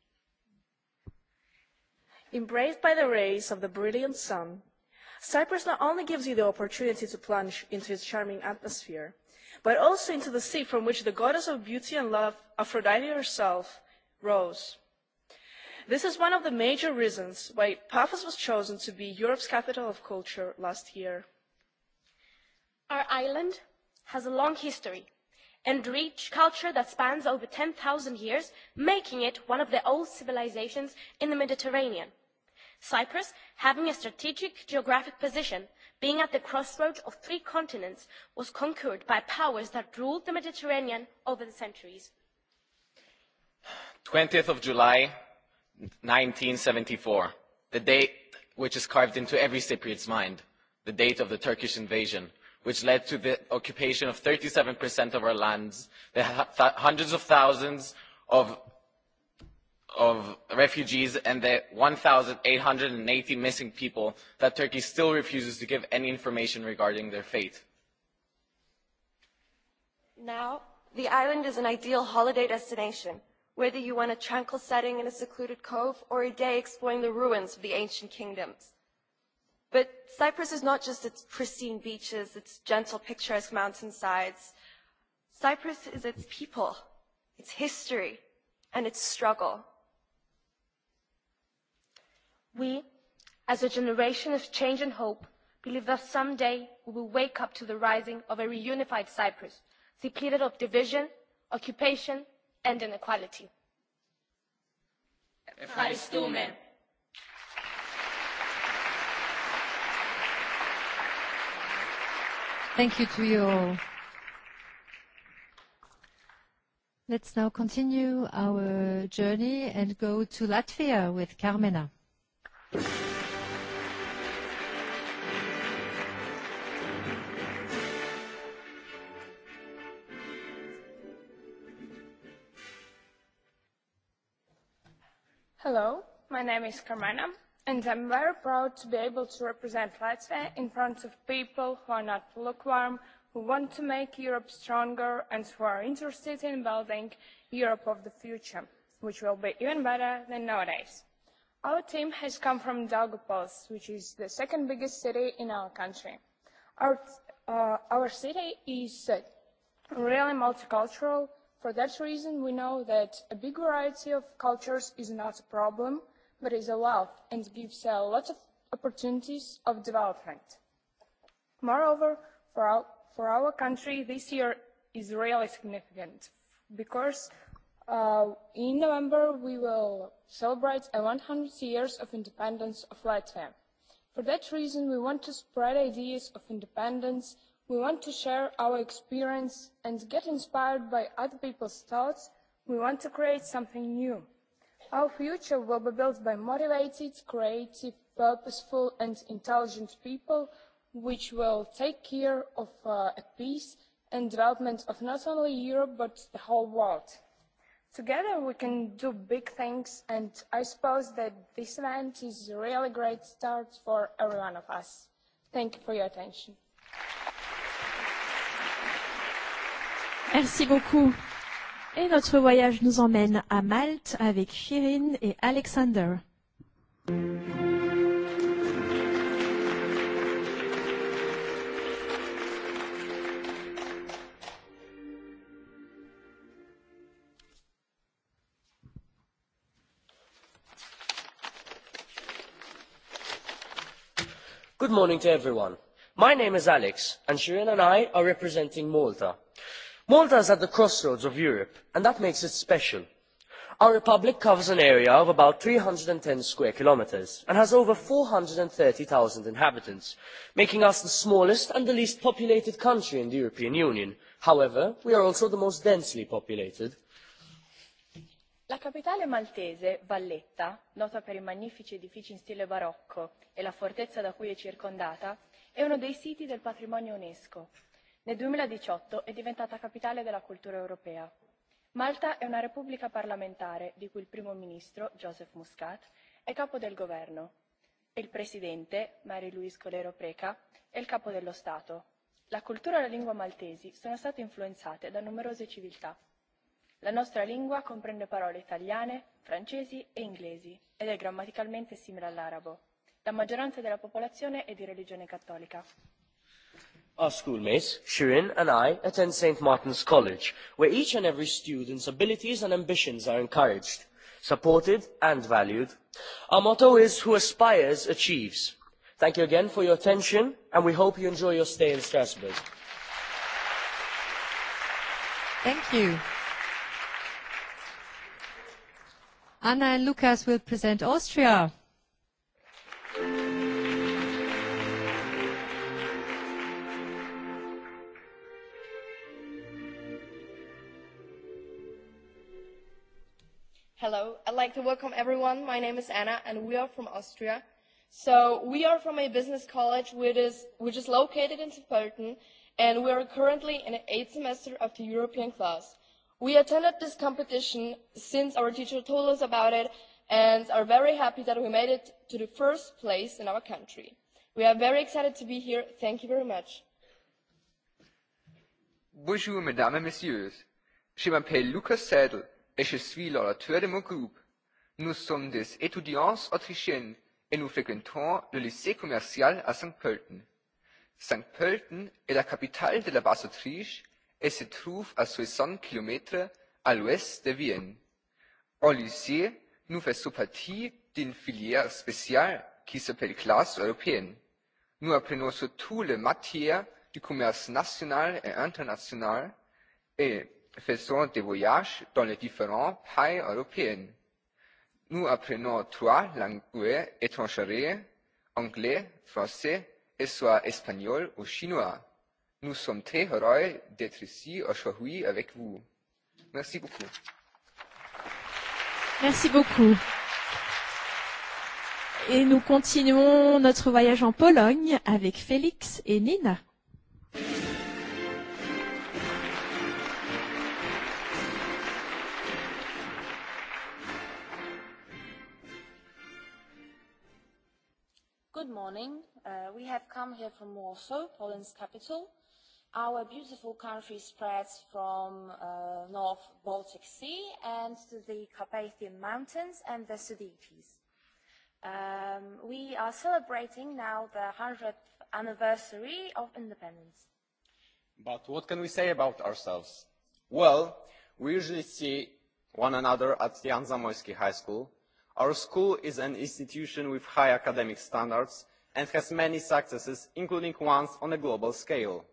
S5: Embraced by
S10: the rays of the brilliant sun, Cyprus not only gives you the opportunity to plunge into its charming atmosphere, but also into the sea from which the goddess of beauty and love, Aphrodite herself, rose. This is one of the major reasons why
S15: Paphos was chosen to be Europe's capital of culture last year.
S21: Our island has a long history and rich culture that spans over 10,000 years, making it one of the old civilizations in the Mediterranean. Cyprus, having a strategic geographic position, being at the crossroads of three continents, was conquered by powers that ruled the Mediterranean over the centuries.
S11: 20th of July, 1974, the date which is carved into every Cypriot's mind, the date of the Turkish invasion, which led to the occupation of 37% of our lands, the ha- th- hundreds of thousands of of refugees and the 1,880 missing people that Turkey still refuses to give any information regarding their fate.
S21: Now, the island is an ideal holiday destination, whether you want a tranquil setting in a secluded cove or a day exploring the ruins of the ancient kingdoms. But Cyprus is not just its pristine beaches, its gentle picturesque mountainsides. Cyprus is its people, its history, and its struggle we
S12: as a generation of change and hope believe that someday we will wake up to the rising of a reunified cyprus depleted of division occupation and inequality
S8: Thank
S17: you to you all. Let's now continue our journey and go to Latvia with Carmina.
S20: Hello, my name is Carmena, and I'm very proud to be able to represent Latvia in front of people who are not lukewarm, who want to make Europe stronger, and who are interested in building Europe of the future, which will be even better than nowadays. Our team has come from Daugavpils, which is the second biggest city in our country. Our, uh, our city is uh, really multicultural. For that reason, we know that a big variety of cultures is not a problem, but is a wealth and gives a lot of opportunities of development. Moreover, for our, for our country, this year is really significant because Uh, in November, we will celebrate the 100 years of independence of Latvia. For that reason, we want to spread ideas of independence. We want to share our experience and get inspired by other people's thoughts. We want to create something new. Our future will be built by motivated, creative, purposeful and intelligent people which will take care of uh, a peace and development of not only Europe but the whole world. Together we can do big things and I suppose that this event is a really great start for every one of us. Thank you for your attention.
S2: Merci beaucoup. Et notre voyage nous emmène à Malte avec Shirin et Alexander. Mm -hmm.
S6: good morning to everyone my name is alex and shirin and i are representing malta. malta is at the crossroads of europe and that makes it special. our republic covers an area of about three hundred and ten square kilometres and has over four hundred and thirty zero inhabitants making us the smallest and the least populated country in the european union. however we are also the most densely populated
S2: la capitale maltese valletta nota per i magnifici edifici in stile barocco e la fortezza da cui è circondata è uno dei siti del patrimonio unesco nel 2018 è diventata capitale della cultura europea malta è una repubblica parlamentare di cui il primo ministro joseph muscat è capo del governo e il presidente mary louise colero preca è il capo dello stato la cultura e la lingua maltesi sono state influenzate da numerose civiltà. La nostra lingua comprende parole italiane, francesi e inglesi ed è grammaticalmente simile all'arabo. La maggioranza della popolazione è di religione cattolica.
S6: Our schoolmate, Shirin, and I attend St. Martin's College, where each and every student's abilities and ambitions are encouraged, supported, and valued. Our motto is Who aspires, achieves. Thank you again for your attention, and we hope you enjoy your stay in Strasbourg. Thank
S17: you. Anna and Lukas will present Austria.
S21: Hello. I'd like to welcome everyone. My name is Anna, and we are from Austria. So we are from a business college which is located in Saarbrücken, and we are currently in the eighth semester of the European class we attended this competition since our teacher told us about it and are very happy that we made it to first place in our country. we are very excited to be here. thank you very much.
S10: Bonjour, mesdames et messieurs. Je m'appelle Lucas Seidel et je suis l'orateur de mon groupe. Nous sommes des étudiants autrichiens et nous fréquentons le lycée commercial à Saint-Pölten. Saint-Pölten est la capitale de la Basse-Autriche et se trouve à 60 km à l'ouest de Vienne. En lycée, nous faisons partie d'une filière spéciale qui s'appelle classe européenne. Nous apprenons surtout les matières du commerce national et international et faisons des voyages dans les différents pays européens. Nous apprenons trois langues étrangères, anglais, français et soit espagnol ou chinois nous sommes très heureux d'être ici aujourd'hui avec vous. Merci beaucoup.
S2: Merci beaucoup. Et nous continuons notre voyage en Pologne avec Félix et Nina.
S12: Good morning. Uh, we have come here from Warsaw, Poland's capital our beautiful country spreads from uh, North Baltic Sea and to the Carpathian Mountains and the Sudetes. Um, we are celebrating now the 100th anniversary of independence.
S9: But what can we say about ourselves? Well, we usually see one another at Jan Zamoyski High School. Our school is an institution with high academic standards and has many successes, including ones on a global scale.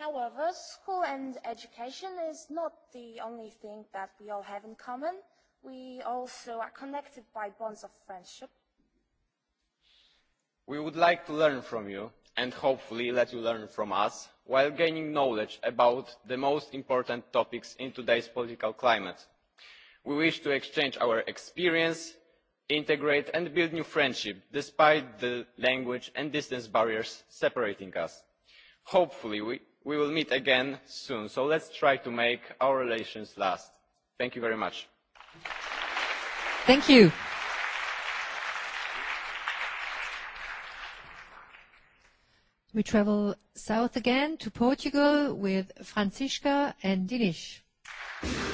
S12: However, school and education is not the only thing that we all have in common. We also are connected by bonds of friendship.
S9: We would like to learn from you and hopefully let you learn from us while gaining knowledge about the most important topics in today's political climate. We wish to exchange our experience, integrate and build new friendship despite the language and distance barriers separating us. Hopefully, we, we will meet again soon so let us try to make our relations last. thank you very much.
S17: thank you. we travel south again to portugal with franziska and dinesh. thank you.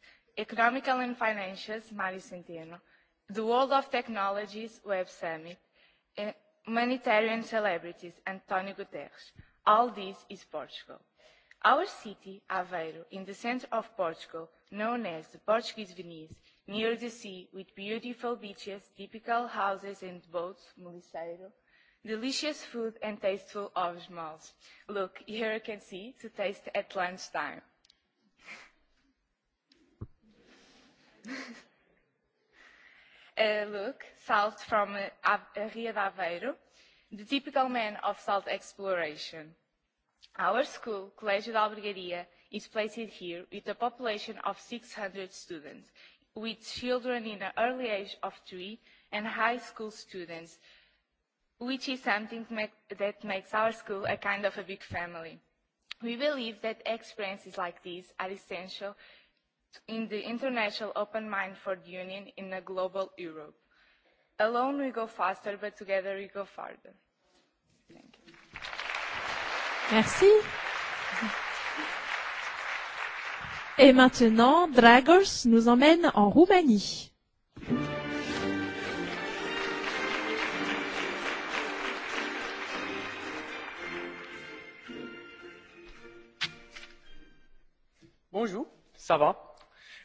S5: Economical and Financials, Mario Centeno, The World of Technologies, Web Summit, eh, Humanitarian Celebrities, António Guterres. All this is Portugal. Our city, Aveiro, in the center of Portugal, known as the Portuguese Venice, near the sea with beautiful beaches, typical houses and boats, Muliceiro, delicious food and tasteful of smalls. Look, here you can see to taste at lunchtime. uh, look, salt from uh, Rio de Aveiro, the typical man of salt exploration. Our school, Colegio de Albergaria, is placed here with a population of 600 students, with children in the early age of three and high school students, which is something make, that makes our school a kind of a big family. We believe that experiences like these are essential in the international open mind for the union in a global Europe. Alone we go faster, but together we go farther. Thank you.
S2: Merci. Et maintenant, Dragos nous emmène en Roumanie.
S11: Bonjour, ça va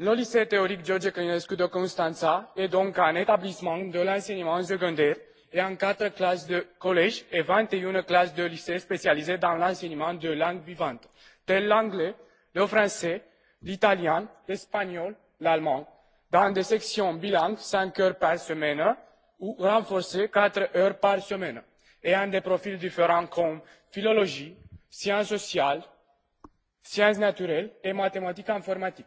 S11: L'Odyssée théorique de Georges Kanyescu de Constanza est donc un établissement de l'enseignement secondaire et en quatre classes de collège et 21 classes de lycée spécialisées dans l'enseignement de langues vivantes, telles l'anglais, le français, l'italien, l'espagnol, l'allemand, dans des sections bilingues 5 heures par semaine ou renforcées 4 heures par semaine, et en des profils différents comme philologie, sciences sociales, sciences naturelles et mathématiques informatiques.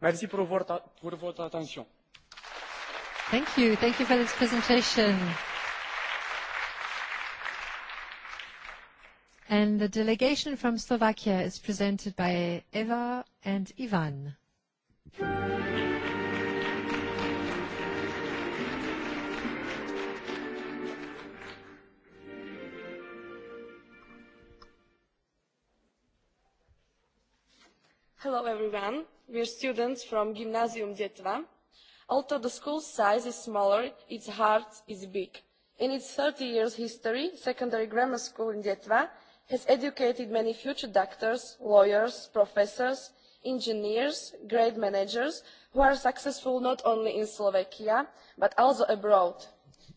S11: merci pour votre, pour votre attention.
S17: Thank you. Thank you for this presentation. And the delegation from Slovakia is presented by Eva and Ivan. Thank you.
S12: Hello, everyone. We are students from Gymnasium Dietva. Although the school size is smaller, its heart is big. In its 30 years history, secondary grammar school in Dietva has educated many future doctors, lawyers, professors, engineers, great managers, who are successful not only in Slovakia, but also abroad.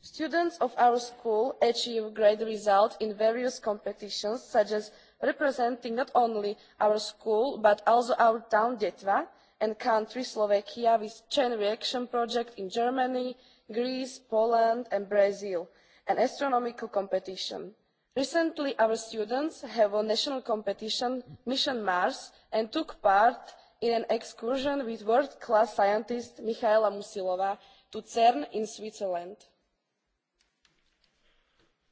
S12: Students of our school achieve great results in various competitions, such as representing not only our school but also our town detva and country slovakia with chain reaction project in germany greece poland and brazil an astronomical competition. recently our students have won national competition mission mars and took part in an excursion with world class scientist mihaela musilova to cern in
S10: switzerland.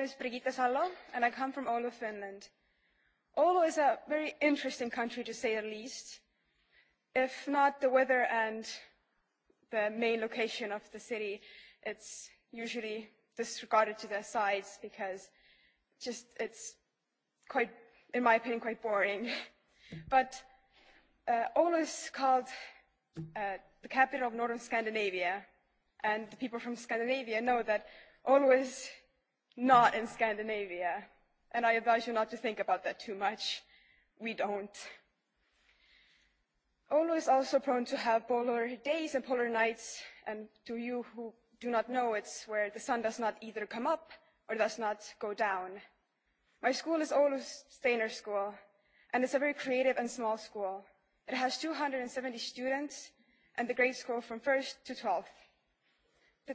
S14: name is Brigitte Sallo, and I come from Oulu, Finland. Oulu is a very interesting country, to say the least, if not the weather and the main location of the city, it's usually disregarded to their sides because just it's quite, in my opinion, quite boring. but uh, Oulu is called uh, the capital of northern Scandinavia, and the people from Scandinavia know that Oulu is not in Scandinavia. And I advise you not to think about that too much. We don't. Oulu is also prone to have polar days and polar nights. And to you who do not know, it's where the sun does not either come up or does not go down. My school is Oulu Steiner School, and it's a very creative and small school. It has 270 students and the grade school from first to 12th. The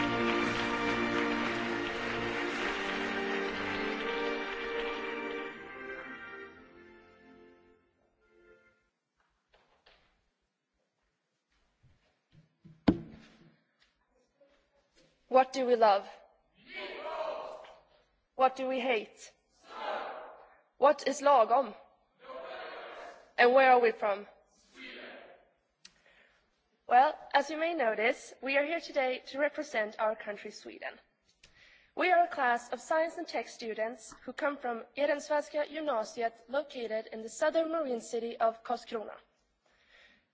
S12: What do we love? Default. What do we hate? Stop. What is lagom? No and where are we from? Sweden. Well, as you may notice, we are here today to represent our country, Sweden. We are a class of science and tech students who come from Erensvenska gymnasiet located in the southern marine city of Karlskrona.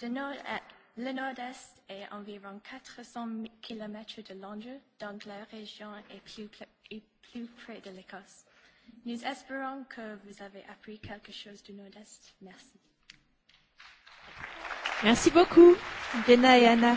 S2: De nord à, le nord-est est environ 400 km de Londres, donc la région est plus, est plus près de l'Écosse. Nous espérons que vous avez appris quelque chose du nord-est. Merci. Merci beaucoup, Dena et Anna.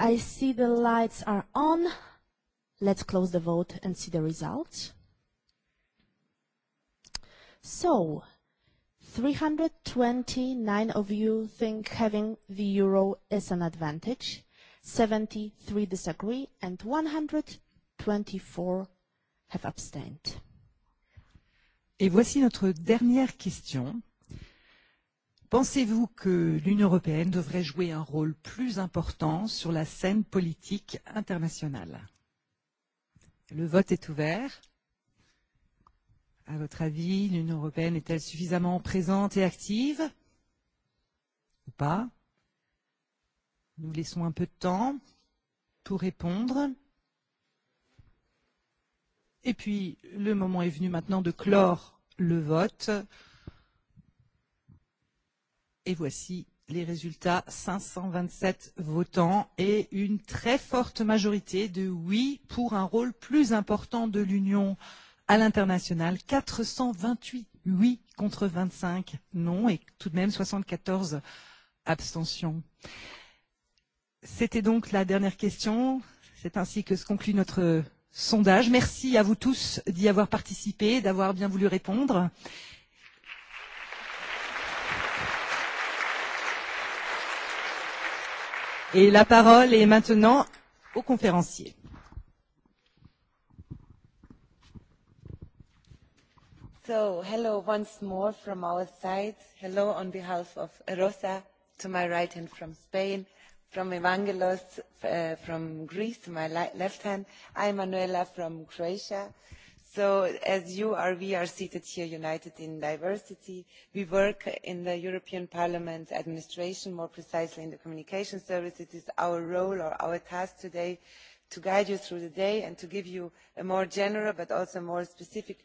S10: I see the lights are on. Let's close the vote and see the results. So, 329 of you think having the euro is an advantage, 73 disagree,
S22: and 124 have abstained. Et voici notre dernière question. Pensez-vous que l'Union européenne devrait jouer un rôle plus important sur la scène politique internationale Le vote est ouvert. À votre avis, l'Union européenne est-elle suffisamment présente et active ou pas Nous laissons un peu de temps pour répondre. Et puis, le moment est venu maintenant de clore le vote. Et voici les résultats 527 votants et une très forte majorité de oui pour un rôle plus important de l'Union à l'international. 428 oui contre 25 non et tout de même 74 abstentions. C'était donc la dernière question. C'est ainsi que se conclut notre sondage. Merci à vous tous d'y avoir participé, d'avoir bien voulu répondre. Et la parole est maintenant au conférencier.
S3: So, hello once more from our side. Hello on behalf of Rosa to my right hand from Spain, from Evangelos uh, from Greece to my left hand. I'm Manuela from Croatia. So as you are, we are seated here united in diversity. We work in the European Parliament administration, more precisely in the communication service. It is our role or our task today to guide you through the day and to give you a more general but also more specific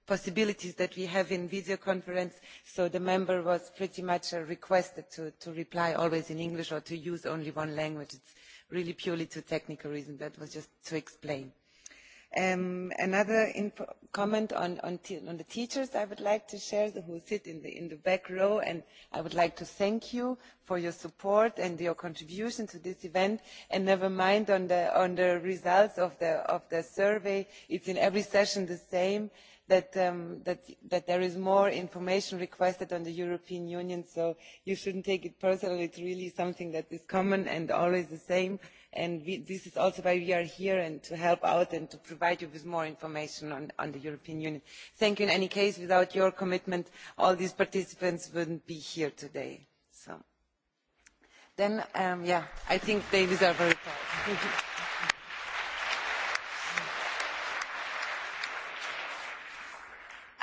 S3: possibilities that we have in video conference so the member was pretty much uh, requested to, to reply always in english or to use only one language it's really purely to technical reason that was just to explain um, another inf- comment on, on, t- on the teachers I would like to share the, who sit in the, in the back row and I would like to thank you for your support and your contribution to this event and never mind on the, on the results of the, of the survey. It's in every session the same Um, that there is more information requested on the european union so you shouldn't take it personally it's really something that is common and always the same and this is also why we are here and to help out and to provide you with more information on the european union. thank you in any case without your commitment all these participants wouldn't be here today. then um, i think they deserve a report.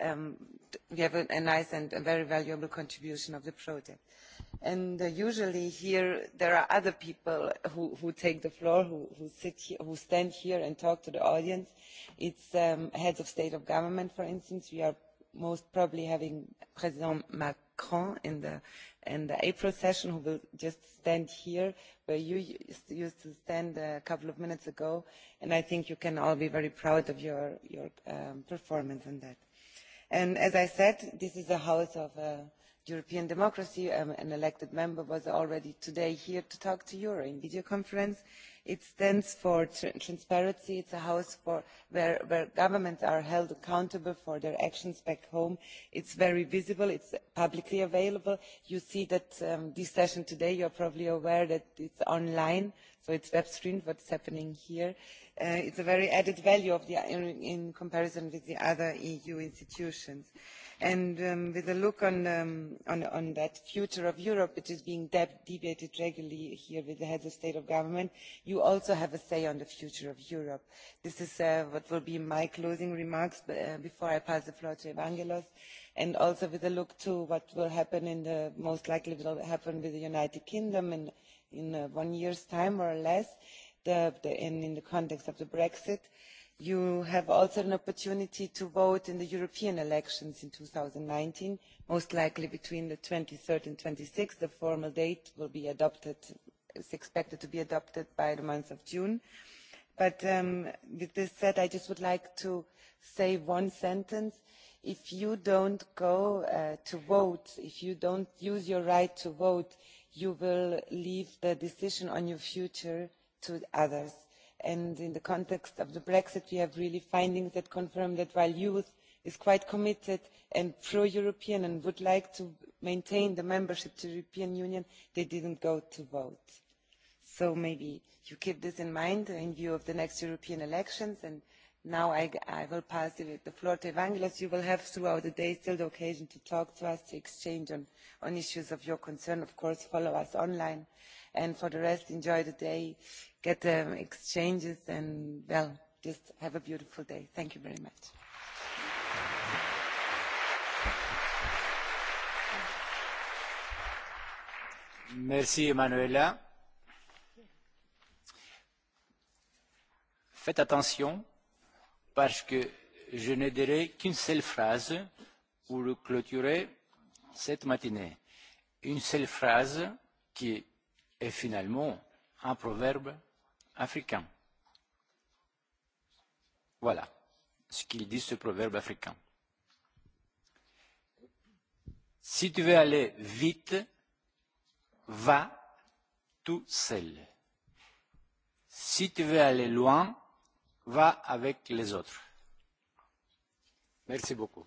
S3: we um, have a nice and very valuable contribution of the project. And uh, usually here there are other people who, who take the floor, who, who, sit here, who stand here and talk to the audience. It's um, heads of state of government, for instance. We are most probably having President Macron in the, in the April session who will just stand here where you used to stand a couple of minutes ago. And I think you can all be very proud of your, your um, performance on that as i said this is a house of uh, european democracy and um, an elected member was already today here to talk to you or in video conference it stands for transparency it is a house where governments are held accountable for their actions back home it is very visible it is publicly available you see that um, this session today you are probably aware that it is online so it is web streamed what is happening here uh, it is a very added value in comparison with the other eu institutions and um, with a look at um, that future of europe which is being debated regularly here with the heads of state or government you also have a say on the future of europe. this is uh, what will be my closing remarks uh, before i pass the floor to evangelos and also with a look to what will happen and most likely will happen with the united kingdom in uh, one year's time or less in the context of brexit you have also an opportunity to vote in the european elections in two thousand and nineteen most likely between twenty three and twenty six the formal date is expected to be adopted by the month of june but um, with this said i just would like to say one sentence if you don't go uh, to vote if you don't use your right to vote you will leave the decision on your future to others and in the context of brexit we have findings that confirm that while youth is quite committed and pro european and would like to maintain the membership of the european union they did not go to vote. so maybe you keep this in mind in view of the next european elections and now i will pass the floor to evangelos. you will have throughout the day still the occasion to talk to us to exchange on issues of your concern and of course follow us online and for the rest enjoy the day get the exchanges and well just have a beautiful day thank you very much
S1: Merci Emanuela. Faites attention parce que je ne dirai qu'une seule phrase pour clôturer cette matinée. Une seule phrase qui est et finalement un proverbe africain. Voilà ce qu'il dit ce proverbe africain. Si tu veux aller vite, va tout seul. Si tu veux aller loin, va avec les autres. Merci beaucoup.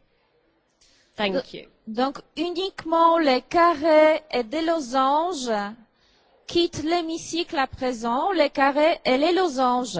S23: Thank donc, you. Donc, uniquement les carrés et des losanges
S24: quittent l'hémicycle à présent, les carrés et les losanges.